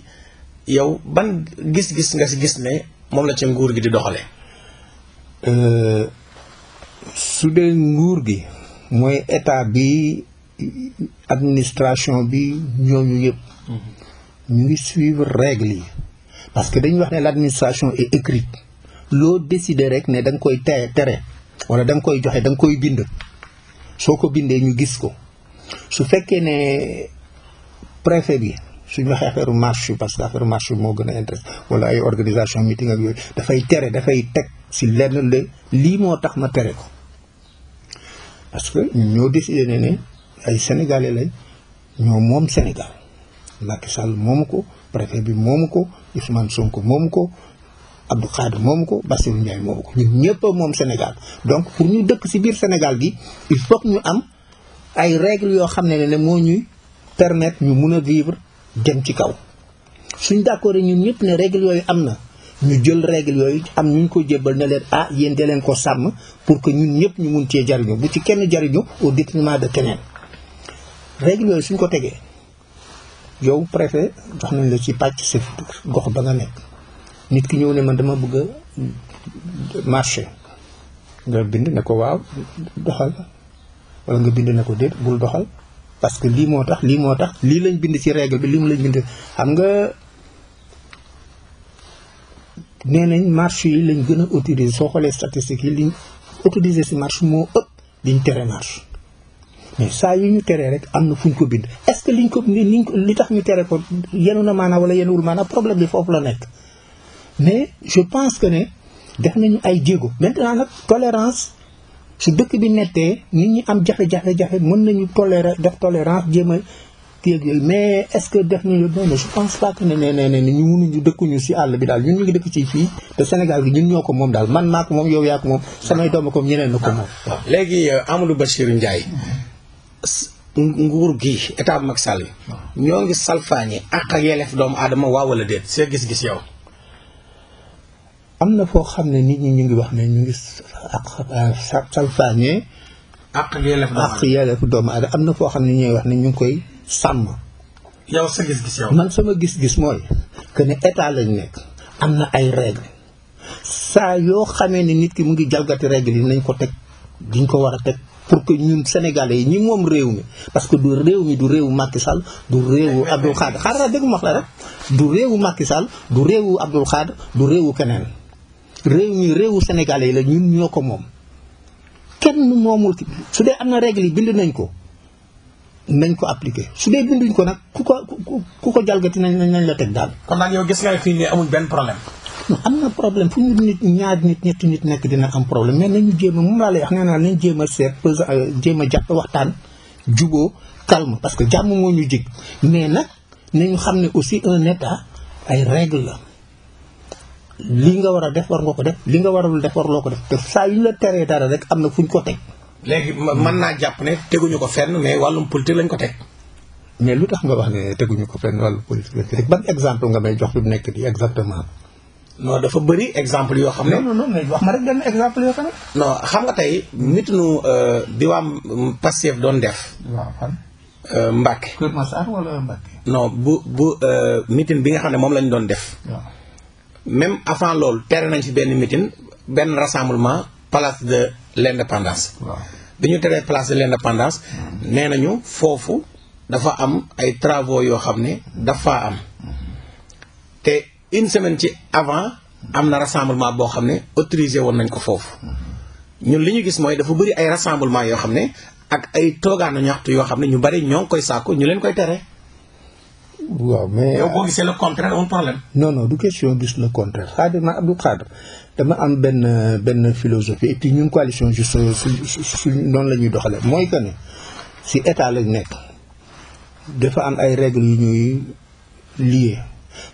yow ban gis-gis nga si gis ne moom la ca nguur gi di doxale euh, su dee nguur gi mooy état bi administration bi ñooñu yëpp mhm. ñu ngi suivre règles yi parce que dañuy wax ne l'administration est écrite loo décider rek ne da nga koy te tere wala da koy joxe da nga koy bind soo ko bindee ñu gis ko su fekkee ne préfet bi suñu waxee affaire marche bi parce que affaire marche bi moo gën a intéressé wala ay organisation meeting ak yooyu dafay tere dafay teg si lenn la lii moo tax ma tere ko parce que ñoo décidé ne ne ay sénégalais lañ ñoo moom Sénégal Macky Sall moomu ko préfet bi moomu ko Ousmane Sonko moomu ko Abdou Khadre moomu ko Bassirou Ndiaye moomu ko ñun ñëpp moom Sénégal donc pour ñu dëkk ci biir Sénégal gi il faut ñu am ay règles yoo xam ne ne moo ñuy permettre ñu mun a vivre dem ci kaw suñ d'accord ñun ñëpp ne règles yooyu am na ñu jël règles yooyu am ñu ko jébbal ne leen ah yéen de leen ko sàmm pour que ñun ñëpp ñu mun cee jariñu bu ci kenn jariñu au détriment de keneen règles yooyu suñ ko tegee yow préfet jox nañ la ci pàcc sa gox ba nga nekk nit ki ñëw ne man dama bëgg a marché nga bind ne ko waaw doxal wala nga bind ne ko déet bul doxal parce que lii moo tax lii moo tax lii lañ bind ci règle bi lii mu lañ bind xam nga nee nañ marché yi lañ gën a autorisé soo xoolee statistiques yi liñ autorisé si marché moo ëpp liñ tere marché mais saa yu ñu teree rek am na fu ñu ko bind est-ce que liñ ko liñ li tax ñu tere ko yenu na maanaam wala yenuwul maanaam problème bi foofu la nekk mais je pense que ne def nañu ay jéego maintenant nag tolérance su dëkk bi nettee nit ñi am jafe-jafe jafe mën nañu tolérer def tolérance jéem a kii yooyu mais est-ce que def nañu non je pense pas que ne ne ne ne ñu mënuñu dëkkuñu ci àll bi daal ñu ñu ngi dëkk ci fii te Sénégal gi ñu ñoo ko moom daal man maa ko moom yow yaa ko moom samay doom ko ñeneen na ko moom. waaw ah, léegi euh, Amadou Bassirou Ndiaye nguur gi état Macky Sall ah. ñoo ngi salfaañi ak ak yelleef doomu aadama waaw wala déet see gis-gis yow. am na foo xam ne nit ñi ñu ngi wax ne ñu ngi ak euh, salfaañee ak yelleef doomu aadama am na foo xam ne ñuy wax ne ñu ngi koy sàmm man sama gis-gis mooy que ne état lañ nekk am na ay règle saa yoo xamee ni nit ki mu ngi jalgati règle yi nañ ko teg diñ ko war a teg pour que ñun sénégalais yi ñi moom réew mi parce que du réew mi du réewu Macky sal du réewu Abdoul Khadre xaaral dégg ma wax la rek du réewu Macky sal du réew Abdoul Khadre du réewu keneen réew mi réewu sénégalais la ñun ñoo ko moom kenn moomul su dee am na règle yi bind nañ ko nañ ko appliqué su dee binduñ ko nag ku ko ku ko jalgati nañ nañ la teg daal. kon nag yow gis nga fii nii amuñ benn problème. non am na problème fu ñu nit ñaari nit ñetti nit nekk dina am problème mais nañu jéema a moom laa lay wax nee naa nañ jéem a seet euh, jéem a jàpp waxtaan juboo calme parce que jàmm moo ñu jig mais nag nañu xam ne aussi un état ay règle la. li nga war a def war nga ko def li nga a def loo ko def te saa yu ñu la teree dara rek am na fu ñu ko teg. léegi man naa jàpp ne teguñu ko fenn mais wàllum politique lañ ko teg. mais lu tax nga wax ne teguñu ko fenn wàllum ban exemple nga may jox bi mu nekk di exactement. non dafa bëri exemple yoo xam ne. non wax ma rek benn exemple yoo xam xam nga tey nit ñu bi euh, waa Pastef doon def. waaw fan. Euh, Mbacke. Kër wala Mbacke. non bu bu euh, mitin bi nga xam ne moom lañ doon def. waaw. même avant loolu tere nañ fi benn meeting benn rassemblement palace de l'indépendance. waaw bi ñu teree place de l'indépendance. nee nañu foofu dafa am ay travaux yoo xam ne dafa am te une semaine ci avant am na rassemblement boo xam ne autorisé woon nañ ko foofu ñun li ñu gis mooy dafa bëri ay rassemblement yoo xam ne ak ay toogaanu ñaxtu yoo xam ne ñu bari ñoo koy sàkku ñu leen koy tere. waaw mais yow boo euh, gisee le contraire amul problème. non du question gis le contraire xaaral ma Abdou dama am benn benn philosophie et puis ñun coalition si suñ noonu la ñuy doxalee mooy que ne si état lañu nekk dafa am ay règles yu ñuy lié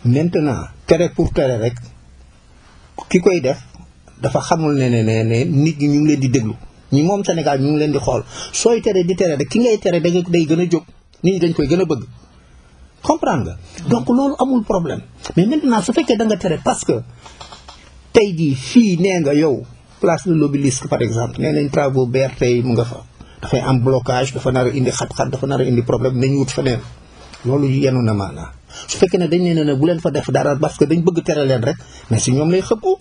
maintenant tere pour tere rek ki koy def dafa xamul ne ne ne ne nit ñi ñu ngi leen di déglu ñi moom Sénégal ñu ngi leen di xool sooy tere di tere rek ki ngay tere da day gën a jóg nit ñi dañ koy gën a bëgg. comprendre nga. donc loolu amul problème mais maintenant su fekkee danga nga tere parce que tey jii fii nee nga yow place de l'Obélisque par exemple nee nañ travaux BRT tey mu nga fa. dafay am blocage dafa nar a indi xat-xat dafa nar a indi problème nañ wut feneen loolu yenu na maanaa su fekkee ne dañ ne ne bu leen fa def dara parce que dañ bëgg tere leen rek mais si ñoom lay xëppu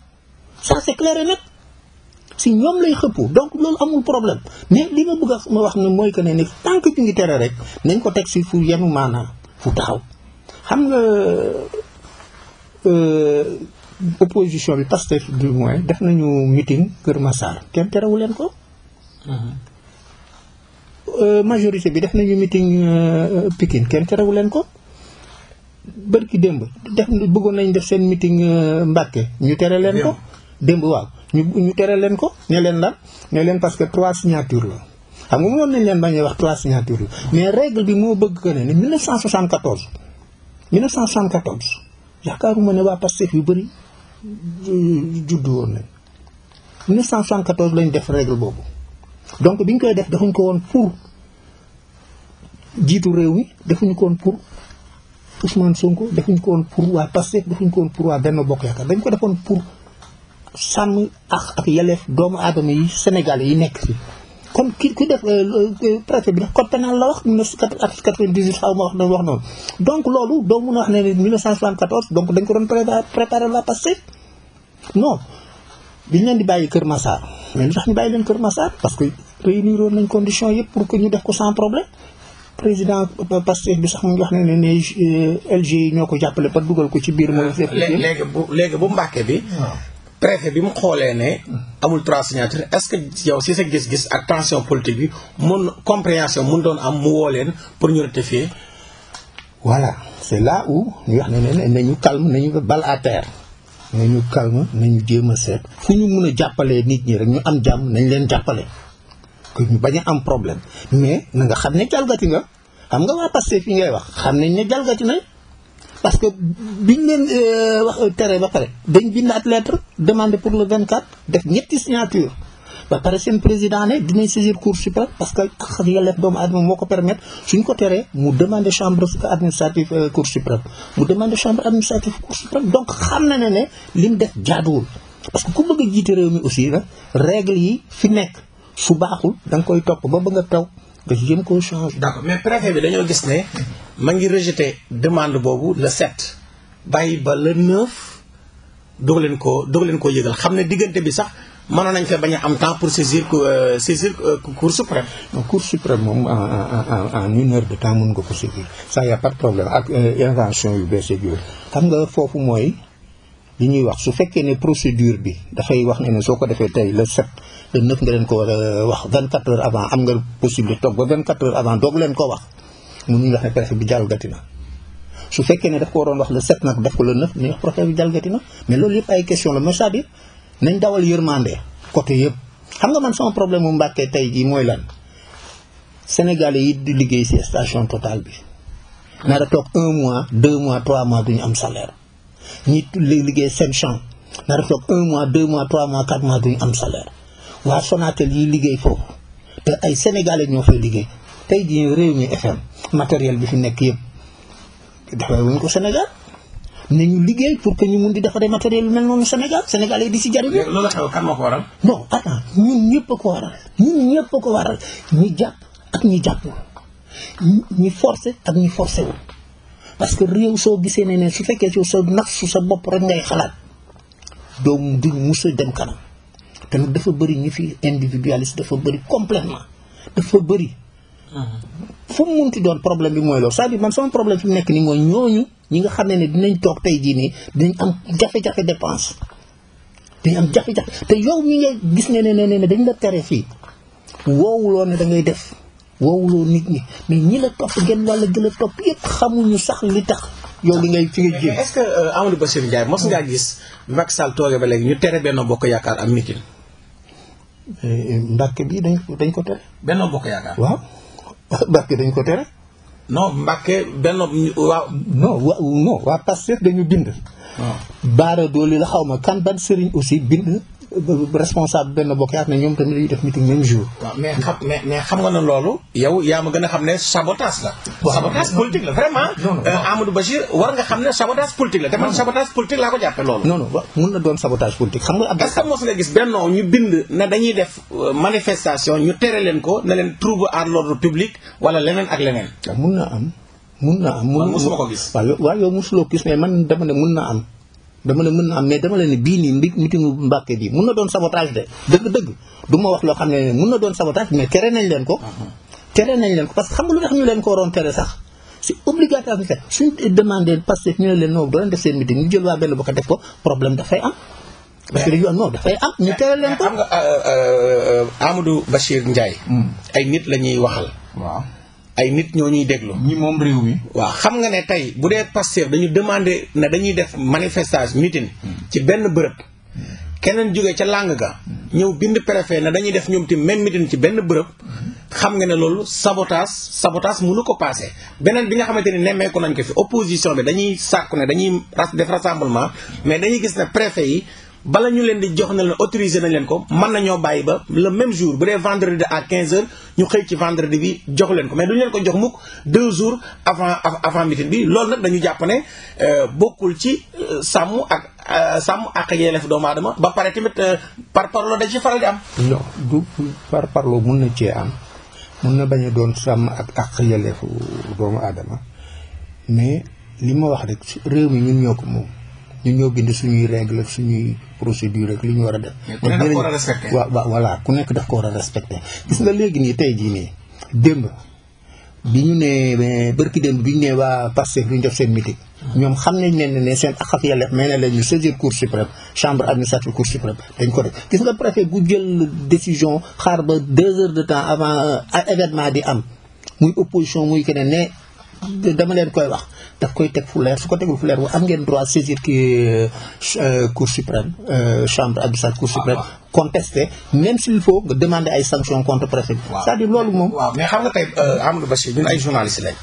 ça c'est clair et si ñoom lay xëppu donc loolu amul problème mais li ma bëgg ma wax ne mooy que ne ni tant que ñu ngi tere rek nañ ko teg si fu yenu maanaa fu taxaw xam nga euh, opposition bi Pastef du moins def nañu meeting Kër Massar kenn terewu leen ko mhm. euh, majorité bi def nañu meeting euh, Pikine kenn terewu leen ko bërki démb def bëggoon nañ def seen meeting Mbàkke ñu tere leen ko démb waaw ñu ñu tere leen ko ne leen lan ne leen parce que trois signatures la xam nga mënoon nañ leen bañ wax trois signatures mais règle bi moo bëgg que ne ne 1974 1974 yaakaaruma ne waa Pastef yu bëri euh, juddu woon nañ 1974 lañ def règle boobu donc biñ koy def defuñ ko woon pour jiitu réew mi defuñu ko woon pour Ousmane Sonko defuñ ko woon pour waa Pastef defuñ ko woon pour waa Benno Bokk Yaakaar dañ ko defoon pour sàmm ak ak doomu aadama yi Sénégal yi nekk fi kon ki ki def euh, préfet bi def code pénal la wax 1998 xaw ma wax na wax noonu donc loolu doo mun a wax ne ni 1974 donc dañ ko doon préparer la passé non biñ leen di bàyyi Kër Massar mais li tax ñu bàyyi leen Kër Massar parce que réunir woon nañ condition yëpp pour que ñu def ko sans problème président euh, Pastef bi sax mu ngi wax ne ne euh, LG yi ñoo ko jàppale ba dugal ko ci biir. mooy ah, léegi bu léegi bu Mbàkke bi. Ah. préfet bi mu xoolee ne amul trois signatures est-ce que yow si sa gis-gis ak tension politique bi mun compréhension mun doon am mu woo leen pour ñu ratifier voilà c'est là où ñu wax ne ne nañu calme nañu bal à terre nañu calme nañu jéem a seet fu ñu mun a jàppalee nit ñi rek ñu am jàmm nañ leen jàppale que ñu bañ a am problème mais na nga xam ne jalgati nga xam nga waa Pastef fii ngay wax xam nañ ne jalgati nañ parce que biñ leen euh, wax euh, tere ba pare dañ bindaat lettre demande pour le 24 def ñetti signature ba pare seen président ne dinañ saisir cour suprême parce que ak yelleef doomu aadama moo ko permettre suñ ko teree mu demandé chambre administrative euh, cour suprême mu demandé chambre administrative cour suprême donc xam na ne ne mu def jaaduwul parce que ku bëgg a jiite réew mi aussi na ah, règle yi fi nekk su baaxul da nga koy topp ba bëgg a taw nga jëm koo change d'accord mais préfet bi dañoo gis ne ma ngi rejeté demande boobu le 7 bàyyi ba le 9 doog leen koo doog leen koo yëgal xam ne diggante bi sax mënoon nañ fee bañ a am temps pour saisir euh, saisir euh, cour suprême. cour suprême moom en en en une heure de temps ko saisir ça pas problème ak euh, invention yu bees yooyu xam nga foofu mooy. li ñuy wax su fekkee ne procédure bi dafay wax ne ne soo ko defee tey le sept la neuf nga leen ko war euh, a wax vingt quatre heures avant am nga possible toog ba vingt quatre heures avant doog leen ko wax mënuñu wax ne préfet bi jalgati na su fekkee ne daf ko waroon wax le sept nag daf ko le neuf ñu wax préfet bi jalgati na mais loolu yëpp ay question la mais cest nañ dawal yërmande côté yëpp xam nga man sama problème mu Mbàkke tey jii mooy lan Sénégalais di liggéey ci station Total bi nar a toog mois deux mois trois mois duñu am salaire ñi liggéey seen champ nar a toog un mois deux mois trois mois quatre mois duñu am salaire waa Sonatel yi liggéey foofu te ay sénégalais ñoo fay liggéey tey jii réew mi FM matériel bi fi nekk yëpp defaree wuñ ko Sénégal nañu liggéey pour que ñu mun di defaree matériel yu mel noonu Sénégal sénégalais di si jariñu. loolu xew kan moo ko waral. non attends ñun ñëpp ko waral ñun ñëpp ko waral ñi jàpp ak ñi jàppul ñi forcé ak ñi forcé parce que réew soo gisee ne ne su fekkee ci sa nafsu sa bopp rek ngay xalaat doomu duñ mus dem kanam te dafa bëri ñi fi individualiste dafa bëri complètement dafa bëri. fu mu munti doon problème bi mooy loolu c'est-à-dire man sama problème fi mu nekk nii mooy ñooñu ñi nga xam ne ne dinañ toog tey jii nii dinañ am jafe-jafe dépense. dañ am jafe-jafe te yow ñi nga gis ne ne ne dañ la tere fii woowuloo ne da ngay def woowuloo nit ñi mais ñi la topp genn wàll gën a topp yëpp xamuñu sax li tax yow li ngay fi ngay jéem. est-ce que euh, Amadou Bassirou Ndiaye mos ngaa gis Macky Sall ba léegi ñu tere Benno Bokk Yaakaar am mitin. Eh, eh, Mbàkke bi dañ ko dañ ko tere. Benno Bokk Yaakaar. waaw [laughs] Mbàkke dañ ko tere. non Mbàkke Benno waaw. non wa non waa bind. waaw ah. Baara Dooli la xaw ma kan ban sëriñ aussi bind. responsable benn bokk yaat ne ñoom tamit dañuy def meeting même jour. waaw mais xam mais mais xam nga ne loolu. yow yaa ma gën a xam ne sabotage la. sabotage politique la vraiment. Euh, Amadou xam ne sabotage politique la te man mun na doon sabotage politique xam nga. est-ce que mos nga gis benn ñu bind ne dañuy def euh, manifestation ñu tere leen ko na leen trouble à l'ordre public wala leneen ak leneen. mun na am mun na am. mun mosuma ko gis. waaw yow mosuloo gis man dama ne mun na am. dama ne mën na am mais dama leen ne bii nii mbi meetingu Mbàkke bi mun na doon sabotage de dëgg-dëgg du ma wax loo xam ne mun na doon sabotage mais tere nañ leen ko uh-huh. tere nañ leen ko parce que xam nga lu tax leen ko waroon tere sax c'est obligatoire bi suñ demandé Pastef ñu leen non doon def seen meeting ñu jël waa benn bokk def ko problème dafay am parce que yoon non dafay am ñu tere leen ko xam nga euh, euh, euh, Amadou Bachir Ndiaye hmm. ay nit la ñuy waxal ay nit ñoo ñuy déglu. ñi moom réew waaw xam nga ne tey bu dee Pastef dañu demander ne dañuy def manifestage meeting. ci benn bërëb. keneen jógee ca làng ga. ñëw bind préfet na dañuy def ñoom ti même meeting ci benn bërëb. xam nga ne loolu sabotage sabotage mënu ko passé beneen bi nga xamante ni nemmeeku nañ ko fi opposition bi dañuy sàkku ne dañuy def rassemblement mais dañuy gis ne préfet yi. bala ñu leen di jox na leen autorisé nañ leen ko mën nañoo bàyyi ba la même jour bu dee vendredi à 15h ñu xëy ci vendredi bi jox leen ko mais duñu leen ko jox mukk deux jours avant avant meeting bi loolu nag dañu jàppane euh, bokkul ci euh, sàmm ak euh, sàmm ak yelleef doomu aadama ba pare tamit par parloo da ci faral di am. non du par parloo mun na cee am mun na bañ doon sàmm ak ak yelleefu doomu aadama mais li ma wax rek réew mi ñun ñoo ko moom. ñun ñoo bind suñuy règle ak suñuy procédure ak li ñu war a def. wa waaw voilà ku nekk daf ko war a respecté. gis nga léegi nii tey jii nii démb bi ñu nee barki démb bi ñu nee waa Pastef bi ñu def seen meeting. ñoom xam nañ ne ne seen ak yelleef may na leen ñu saisir cour suprême chambre administrative cour suprême dañ ko def gis nga préfet bu jël décision xaar ba deux heures de temps avant euh, événement di am muy opposition muy keneen dama leen koy wax. daf koy teg fu su ko tegul fu leer am ngeen droit saisir ki euh, euh, cour suprême euh, chambre abyssale cour suprême ah, ah. contesté même s'il faut nga demande ay sanctions contre préfet bi cest dire loolu moom waaw mais xam nga tey ba Bachir ñun ay journalistes lañ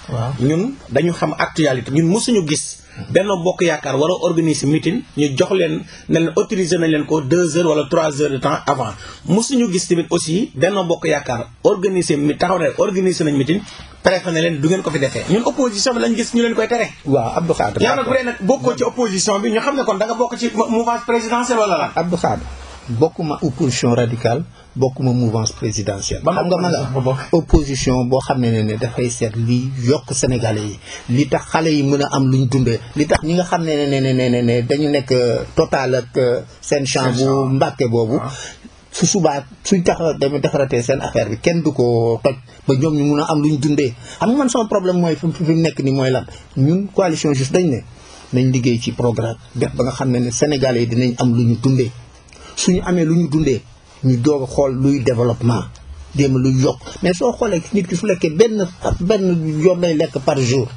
ñun dañu xam actualité ñun mosuñu gis Benno Bokk Yaakaar war a organiser meeting ñu jox leen ne leen autoriser na leen ko deux heures wala trois heures de temps avant mosuñu gis tamit aussi Benno Bokk Yaakaar organiser mi taxaw ne organiser nañ meeting préfet ne leen du ko fi defee ñun opposition bi gis ñu leen koy tere. waaw Abdou Khadre yow nag bu dee nag bokkoo ci opposition bi ñu xam ne kon da bokk ci mouvance présidentielle wala la Abdou Khadre bokkuma opposition radicale bokkuma mouvance présidentielle xam nga ma la opposition boo xam ne ne dafay seet li yokk sénégalais yi li tax xale yi mën a am lu ñu dundee li tax ñi nga xam ne ne ne ne ne dañu nekk euh, total ak euh, seen champ bu mbàkke boobu ah. su subaa suñ tax dañu defaratee seen affaire bi kenn du ko toj ba ñoom ñu mun a am lu ñu dundee xam nga man sama problème mooy fi mu nekk ni mooy lan ñun coalition juste dañ ne nañ liggéey ci programme def ba nga xam ne ne sénégalais yi dinañ am lu ñu dundee suñu amee lu ñu dundee ñu doog a xool luy développement déema luy yokk mais soo xoolee nit ki su lekkee benn benn yoon lay lekk par jour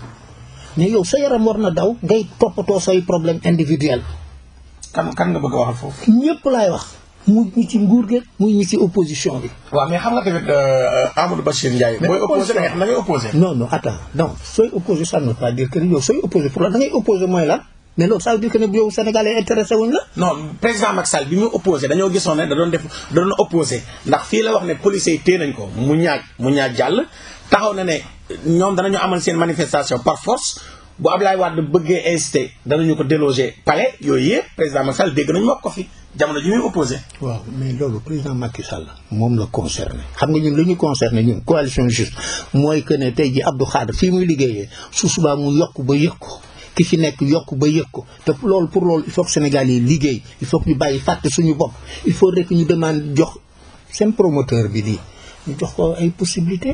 mais yow sa yaram war na daw ngay toppatoo say problème individuel kan kan nga bëgg a waxal foofu ñëpp laay wax mu ñi ci nguur gi mu ñi ci opposition bi waa mais xam nga tamit euh, Amadou Bachir Ndiaye booy opposé da ngay opposé non non sooy opposé ça pas dire que yow sooy opposé pour la da ngay mooy lan mais loolu ça veut dire que ne yow sénégalais intéressé wuñ la. non président Macky Sall bi mu opposé dañoo gisoon ne da doon def da doon opposé ndax fii la wax ne policiers yi téye nañ ko mu ñaaj mu ñaaj jàll taxaw na ne ñoom danañu amal seen manifestation par force. bu Ablaye Wade bëggee incité danañu ko déloger palais yooyu yëpp président Macky Sall dégg nañu wax ko fi jamono ji muy opposé. waaw mais loolu président Macky Sall moom la concerné xam nga ñun lu ñu concerné ñun coalition juste mooy que ne tey ji Abdou Khadre fii muy liggéeyee su subaa mu yokk ba yëg ko ki fi nekk yokk ba yëg ko te lool pour loolu il faut que Sénégal yi liggéey il faut ñu bàyyi fàtte suñu bopp il faut rek ñu demande jox seen promoteur bi nii ñu jox ko ay possibilité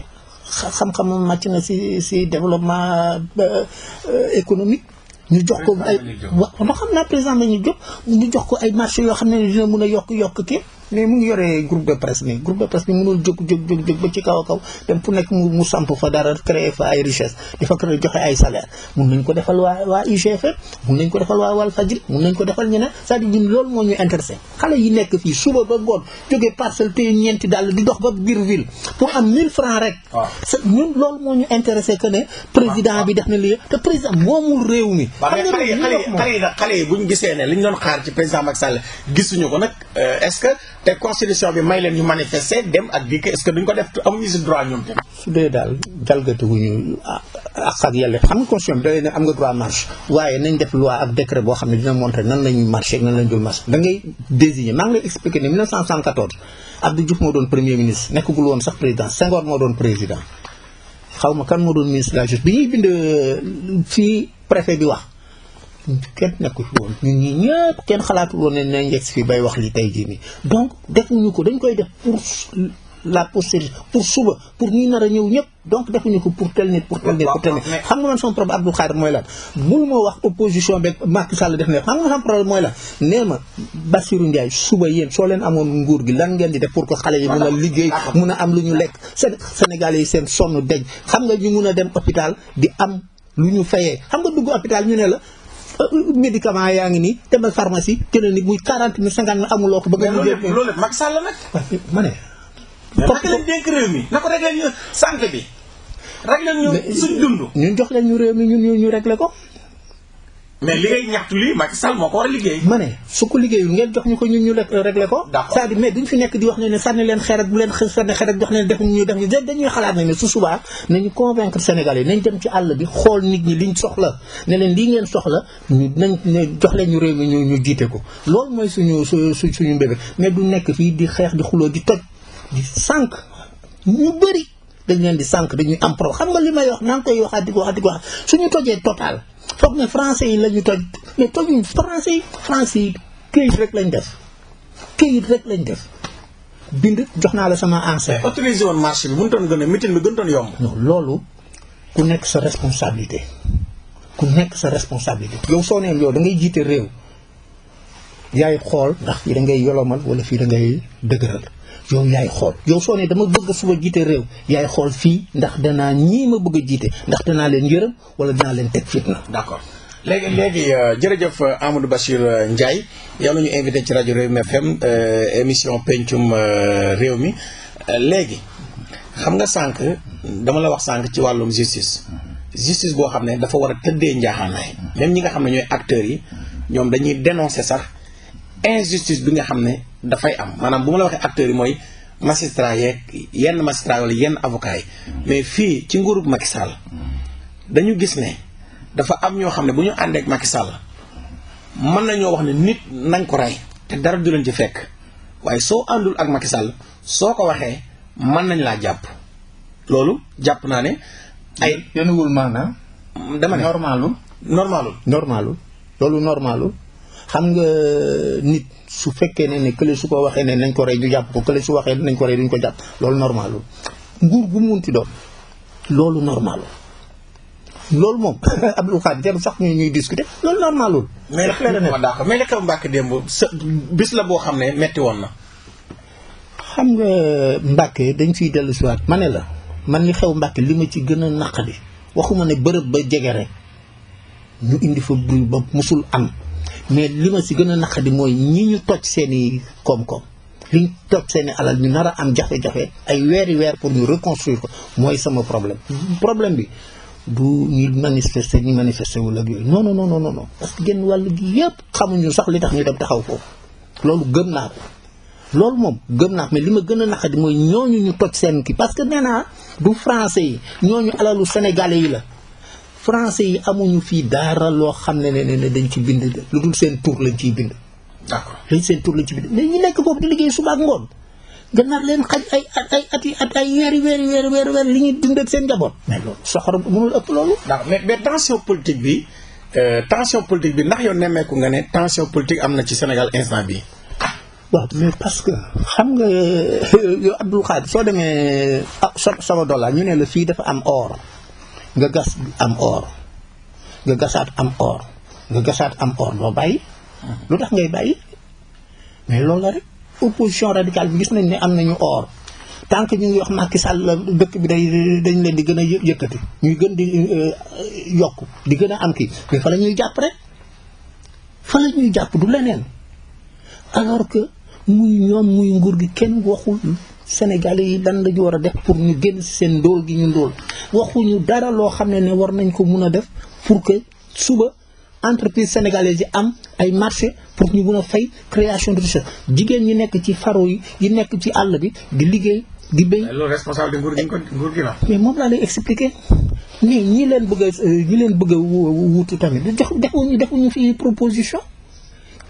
xam-xam màcc na si si développement euh, euh, économique ñu jox ko ay waaw xam naa président la ñu jóg ñu jox ko ay marché yoo xam ne dina mun a yokk yokk kii mais mu ngi yoree groupe de presse nii groupe de presse bi mënul jóg jóg jóg ba ci kaw a kaw dem fu nekk mu mu samp fa dara créer fa ay richesse di fa créer joxe ay salaire mun nañ ko defal waa waa UGFM mun nañ ko defal waa Walfadjri mun nañ ko defal ñeneen c'est-à-dire loolu moo ñuy intéressé xale yi nekk fii suba ba ngoon jógee parcelle téye ñeenti daal di dox ba biir ville pour am 1000 francs rek ah. loolu moo ñu intéressé que ne président bi def na lii te président moomul réew mi xale yi nag xale yi ñu gisee ne li ñu doon xaar ci président Macky Sall gisuñu ko nag euh, te constitution bi may leen ñu manifester dem ak dikk est-ce duñ ko def amuñu si droit ñoom tamit. su dee daal jalgatiwuñu ak ak yàlla xam nga constitution bi da leen am nga droit marche waaye nañ def loi ak décret boo xam ne dina montré nan lañu marché nan lañ dul marché da ngay désigner maa ngi lay expliqué ne 1974 Abdou Diouf woon sax président Senghor moo doon président xaw ma kan moo doon ministre de la justice bi ñuy bind euh, fii préfet bi wax. kenn nekku fi woon ñu ñi ñëpp kenn xalaatul woon ne nañ yegg fi bay wax li tey gii nii donc defuñu ko dañ koy def pour la postérité pour suba pour ñi nar a ñëw ñëpp donc defuñu ko pour tel nit pour tel nit pour tel nit xam nga man sama problème Abdou Khadre mooy lan bul ma wax opposition beeg Macky Sall def ne xam nga sama problème mooy lan nee ma Bassirou Ndiaye suba yéen soo leen amoon nguur gi lan ngeen di def pour que xale yi mun a liggéey mun a am lu ñu lekk seen Sénégalais yi seen sonn deñ xam nga ñu mun a dem hôpital di am lu ñu fayee xam nga dugg hôpital ñu ne la Euh, médicament yaa ngi nii demal pharmacie jënd ni muy quarante mille cinquante amuloo ko. bëgg a liggéey mais loolu lépp Macky Sall nag. ma ne. comme que naka lañ dénk réew mi na ko réglé ñu santé bi. réglé ñu suñ dund. ñun jox leen ñu réew mi ñu ñu réglé ko. mais li ngay ñaxtu lii Macky Sall moo ko war a liggéey. ma ne su ko liggéeyul ngeen jox ñu ko ñu ñu réglé ko. d'accord c'est-à-dire mais duñ fi nekk di wax ne ne sànni leen xeer ak bu leen sànni xeer ak jox leen def ñu def ñu dañuy xalaat ne ne nañ dem ci àll bi xool nit ñi liñ soxla ne leen lii ngeen soxla ñu nañ jox leen ñu réew mi ñu ñu jiite ko. loolu mooy suñu su suñu mbébét mais du nekk fii di xeex di xuloo di toj di sànq ñu bëri dañ leen di sànq dañuy am problème xam nga li may wax naa ngi koy waxaat di ko waxaat di ko wax suñu tojee total foog ne français yi la ñu toj mais tojuñ français yi français këyit rek lañ def këyit rek lañ def bind jox naa la sama answer autorisé woon marché bi mënu toon gën a meeting bi gën doon yomb non loolu ku nekk sa responsabilité ku nekk sa responsabilité yow soo neen yow da ngay jiite réew yaay xool ndax fii da ngay yolomal wala fii da ngay dëgëral yow yaay xool yow soo nee dama bëgg suba jiite réew yaay xool fii ndax danaa ñii ma bëgg a jiite ndax danaa leen yërëm wala danaa leen teg fitna. d'accord léegi léegi euh, jërëjëf euh, Amadou Bachir euh, Ndiaye yow nañu ñu invité ci rajo Réew mi FM émission pencum réew mi léegi xam nga sànq dama la wax sànq ci wàllum justice justice boo xam ne dafa war a tëddee njaaxaanaay même ñi nga xam ne ñooy acteurs yi ñoom dañuy dénoncer sax injustice bi nga xam ne. dafay am maanaam bu ma la waxee acteurs yi mooy magistrat yeeg yenn magistrat wala yenn avocat yi mais fii ci nguurub Macky Sall dañu gis ne dafa am ñoo xam ne bu ñu àndee ak Macky Sall mën nañoo wax ne nit nañ ko rey te dara du leen ci fekk waaye soo àndul ak Macky soo ko waxee man nañ laa jàpp loolu jàpp naa ne ay yenuwul maanaam dama ne normalul normalul normalul loolu normalul xam nga nit su fekkee ne ne kële su ko waxee ne nañ ko rey ñu jàpp ko kële su waxee nañ ko rey duñ ko jàpp loolu normalul nguur gu mu ti doon loolu normalul loolu moom [laughs] Abdou Khadre jarul sax ñu ñuy discuter loolu normalul mais rek la ma dàq mais rek Mbacke démb sa bis la boo xam ne metti woon na xam nga Mbacke dañ fiy dellu si ma ne la man li xew Mbacke li ma ci gën a naqari waxuma ne bërëb ba jege rek ñu indi fa bruit ba musul am mais li ma si gën a naqadi mooy ñi ñu toj seeni koom-koom li ñu toj seen i alal ñu nar a am jafe-jafe ay weeri weer pour ñu reconstruire ko mooy sama problème problème bi du ñu manifester ñu manifester wul ak yooyu non non non non parce que genn wàll gi yëpp xamuñu sax li tax ñu dem taxaw foofu loolu gëm naa ko loolu moom gëm naa ko mais li ma gën a naqadi mooy ñooñu ñu toj seen kii parce que nee naa du français yi ñooñu alalu sénégalais yi la français yi amuñu fii daara loo xam ne ne ne dañ ci bind lu dul seen tur lañ ciy bind. d'accord dañ seen tur lañ ci bind mais ñi nekk foofu di liggéey suba ak ngoon gannaaw leen xaj ay at ay at yi at ay weeri weeri weeri weeri weeri li ñuy dundal seen njaboot. mais loolu soxor mënul ëpp loolu. d'accord mais mais tension politique bi euh, tension politique bi ndax yow nemmeeku nga ne tension politique am na ci Sénégal instant bi waaw mais parce que xam nga euh, yow Abdou Khadre soo demee ah sama dollar ñu ne la fii dafa am or. nga gas am or nga gasaat am or nga gasaat am or doo bàyyi. lu tax ngay bàyyi mais loolu la rek opposition radicale bi gis nañ ni am nañu or tant que ñu ngi wax Macky Sall dëkk bi day dañ leen di gën a yë yëkkati ñuy gën di euh, euh, yokk di gën a am kii mais fa la ñuy jàpp rek fa la ñuy jàpp du leneen alors que muy ñoom muy nguur gi kenn waxul. Sénégalais yi lan la ñu war a def pour ñu génn si seen ndóol gi ñu ndóol waxuñu dara loo xam ne ne war nañ ko mun a def pour que suba entreprise sénégalaise yi am ay marché pour ñu mun a fay création de richesse jigéen ñi nekk ci faro yi yi nekk ci àll bi di liggéey di béy. loolu responsable nguur mais moom laa lay expliquer mais ñi leen bëgg a ñi leen bëgg a wuutu tamit defuñu defuñu fi proposition.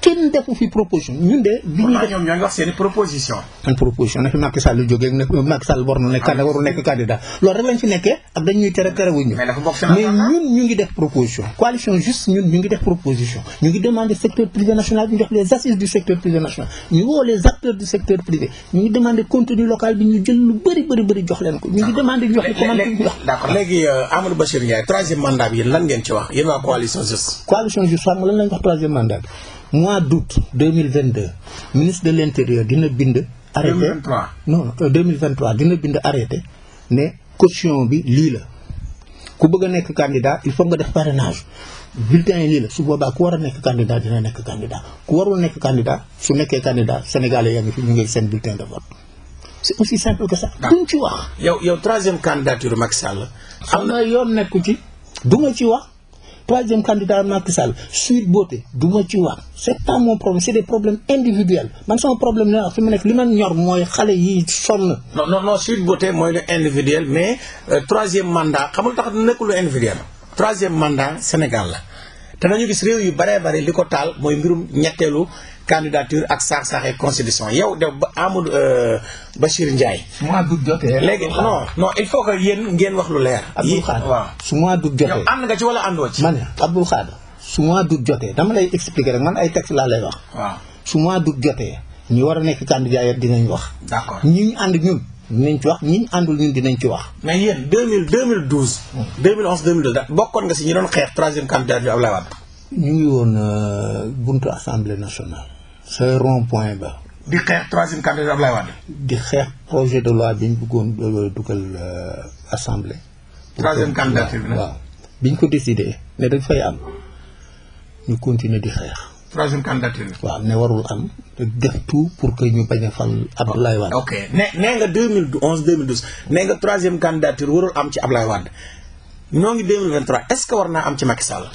kenn defu fi proposition ñun de. bi ñuy def ñoom ñoo ngi i fi Macky Sall jógee na loolu rek lañ fi nekkee ak dañ ñuy tere mais ñun ñu ngi def proposition. coalition juste ñun ñu ngi def proposition ñu ngi demander secteur privé national ñu jox les assises du secteur privé national ñu woo les acteurs du secteur privé ñu ngi demander contenu local bi ñu jël lu bëri bëri jox leen ko. ñu ngi demander jox li commande bi jox. d'accord léegi euh, Amadou ngeen ci wax mois d' mille vingt deux ministre de l' intérieur dina bind. arrêté deux mille vingt trois non euh, deux bind arrêté ne caution bi lii la ku bëgg a nekk candidat il faut nga def parrainage bulletin yi lii la su boobaa ku war a nekk candidat dina nekk candidat ku warul nekk candidat su nekkee candidat sénégalais yaa ngi fi ñu ngi seen bulletin de vote. c' est aussi simple que ça. duñ ci wax. yow yow troisième candidature Macky Sall. xam na yoon nekku ci du nga ci wax. troisième candidat Macky Sall Sweet Beauté du ma ci wax c'est pas mon problème c'est des problèmes individuels man sama problème la fi mu nekk li man ñor mooy xale yi sonn. non non non Sweet Beauté mooy lu individuel mais euh, troisième mandat xam nga tax nekkul lu individuel troisième mandat Sénégal la te nañu gis réew yu baree bari li ko taal mooy mbirum ñetteelu. candidature ak saax-saaxee constitution yow de Amadou euh, Bachir Ndiaye. su ma dugg jotee. léegi non non il faut que yéen ngeen wax lu leer. Abdoul Khadre waaw su ma dugg jotee. yow ànd nga ci wala àndoo ci. ma ne Abdoul Khadre su ma dugg jotee dama lay expliquer man ay texte laa lay wax. waaw su ma dugg jotee. ñi war a nekk candidat yi dinañ wax. d'accord ñi ñu ànd ñun. dinañ ci wax ñi ñu àndul ñun dinañ ci wax. mais yéen deux mille deux mille douze. deux mille onze deux mille douze bokkoon nga si ñi doon xeex troisième candidat bi Abdoulaye Wade. ñu ngi woon euh, buntu assemblée nationale. sa rond point ba. di xeex troisième candidat Ablaye Wade. di xeex projet de loi bi ñu bëggoon euh, dugal euh, assemblée. troisième candidature bi nag waaw bi ñu ko décidé ne dañ fay am ñu continuer di xeex. troisième candidature bi. waaw ne warul am def tout pour que ñu bañ a fal Ablaye Wade. ok ne nee nga 2011 2012 ne nga troisième candidature warul am ci Ablaye Wade ñoo ngi 2023 est ce que war naa am ci Macky Sall.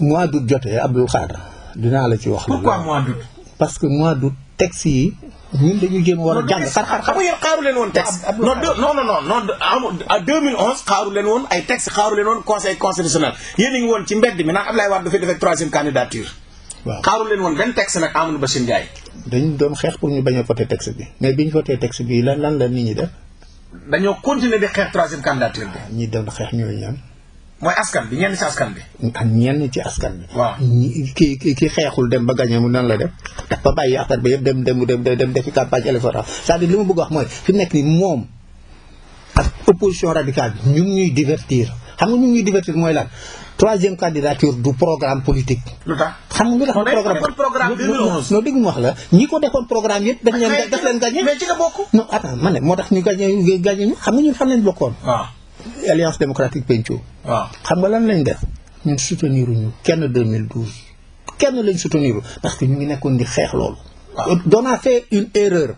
mois d' août jotee Abdoul Khadre. dinaa la ci wax. pourquoi mois d'août parce que mois d'août texte yi. ñun dañu jéem war a jàng xar xar xam nga xaaru leen woon texte non non non non en 2011 xaaru leen woon ay texte xaaru leen woon conseil constitutionnel yéen a woon ci mbedd mi naan Ablaye Wade dafay def ak troisième candidature. waaw xaaru leen woon benn texte nag Amadou Bassirou Ndiaye. dañ doon xeex pour ñu bañ a voté bi mais bi ñu voté texte bi lan lan la nit ñi def. dañoo continuer di xeex troisième candidature bi. ñi doon xeex ñooy ñaan. mooy askan bi ñenn ci askan bi. ñenn ci askan bi. waaw ki ki ki xeexul dem ba gagné mu nan la def dafa bàyyi affaire bi yëpp dem dem dem dem defi campagne électorale c'est-à-dire li ma bëgg wax mooy fi nekk nii moom ak opposition radicale bi ñun ñuy divertir xam nga ñun ñuy divertir mooy lan. troisième candidature du programme politique. lu tax xam nga lu tax programme wax la ñi ko defoon programme yëpp. daf ne moo tax ñu gagné gagné xam nga ñun xam nañ bokkoon. waaw. alliance démocratique penco. waaw xam nga lan lañ def ñun soutenir ñu kenn 2012 kenn lañ soutenir parce que ñu ngi nekkoon di xeex loolu. waaw doon euh, une erreur.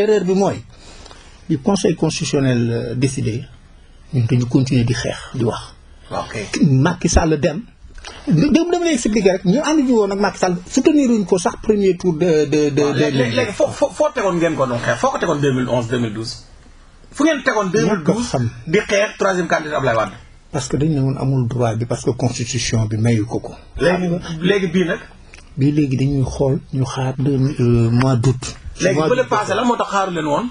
erreur bi mooy li conseil constitutionnel euh, décidé ñun dañu continuer di xeex di wax. ok Macky Sall dem. dé dama lay expliquer rek ñu ànd ñu woon ak Macky Sall soutenir ñu ko sax premier tour de de de. de léegi léegi foo foo tegoon ngeen ko doon xeex foo ko tegoon fu ngeen tegoon 2012 di xeex troisième candidat Ablaye Wade. parce que dañ ne woon amul droit bi parce que constitution bi mayu ko ko. léegi léegi bii nag. bii léegi dañuy xool ñu xaar deux euh, mois d' août. léegi bu la passé la moo tax xaaru woon.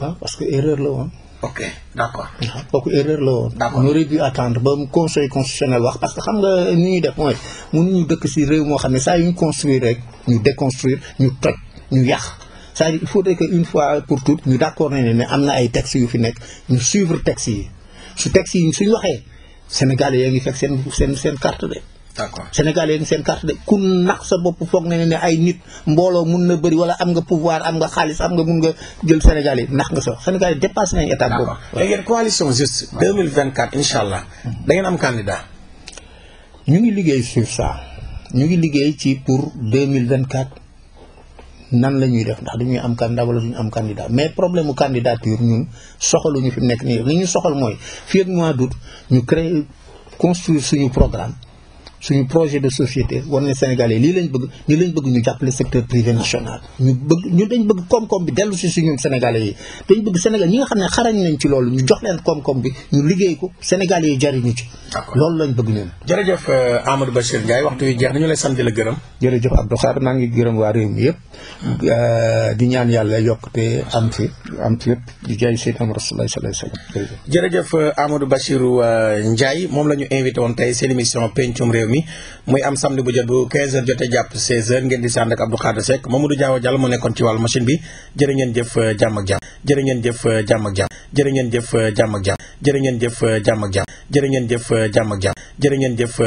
waaw parce que erreur la woon. ok d' accord. waaw ah, kooku erreur la woon. d' accord on attendre ba mu conseil constitutionnel wax parce que xam nga ni ñuy def mooy mënuñu dëkk si réew moo xam ne saa yu ñu construire rek ñu déconstruire ñu toj ñu yàq. c'est-à-dire il une fois pour toutes ñu d'accord nañ ne am na ay textes yu fi nekk ñu suivre textes yi su textes yi suñu waxee Sénégalais yaa ngi fekk seen seen seen carte de. d'accord Sénégalais yaa ngi seen carte de ku nax sa bopp foog na ne ay nit mbooloo mun na bëri wala am nga pouvoir am nga xaalis am nga mun nga jël Sénégalais nax nga sax Sénégalais dépassé nañ état boobu. d'accord léegi yéen coalition juste. 2024 incha allah. da ngeen am candidat. ñu ngi liggéey sur ça ñu ngi liggéey ci pour 2024. nan la ñuy def ndax du ñuy am candidat wala du ñu am candidat mais problème mu candidature soxalu ñu fi mu nekk nii li ñu soxal mooy fii ak mois d'août ñu créer construire suñu programme suñu projet de societé war na Sénégalais lii lañ bëgg lii lañ bëgg ñu jàppale secteur privé national ñu bëgg ñu dañ bëgg koom-koom bi dellu si suñu sénégal yi dañ bëgg Sénégal ñi nga xam ne xarañ nañ ci loolu ñu jox leen koom-koom bi ñu liggéey ko sénégal yi jariñu ci loolu lañ bëgg ñun jërëjëf euh, Amadou Bachir Ndiaye waxtu yu jeex ñu lay sant la gërëm jërëjëf Abdou Khadre maa ngi gërëm waa réew euh, di ñaan yàlla yokkute am fi am fi yëpp di jaay Seydina Rasulullah sallallahu alayhi wa sallam euh, Amadou Bachir Ndiaye moom la ñu invité woon tey seen émission pencum réew mi muy am samedi bu jot bu 15h jotee jàpp 16h ngeen di sànd ak Abdou Khadre Seck Mamadou Diaw Diallo moo nekkoon ci wàllu machine bi jërë jëf euh, jàmm jàmm jërë jëf euh, jàmm jàmm jërë jëf euh, jàmm jàmm jërë jëf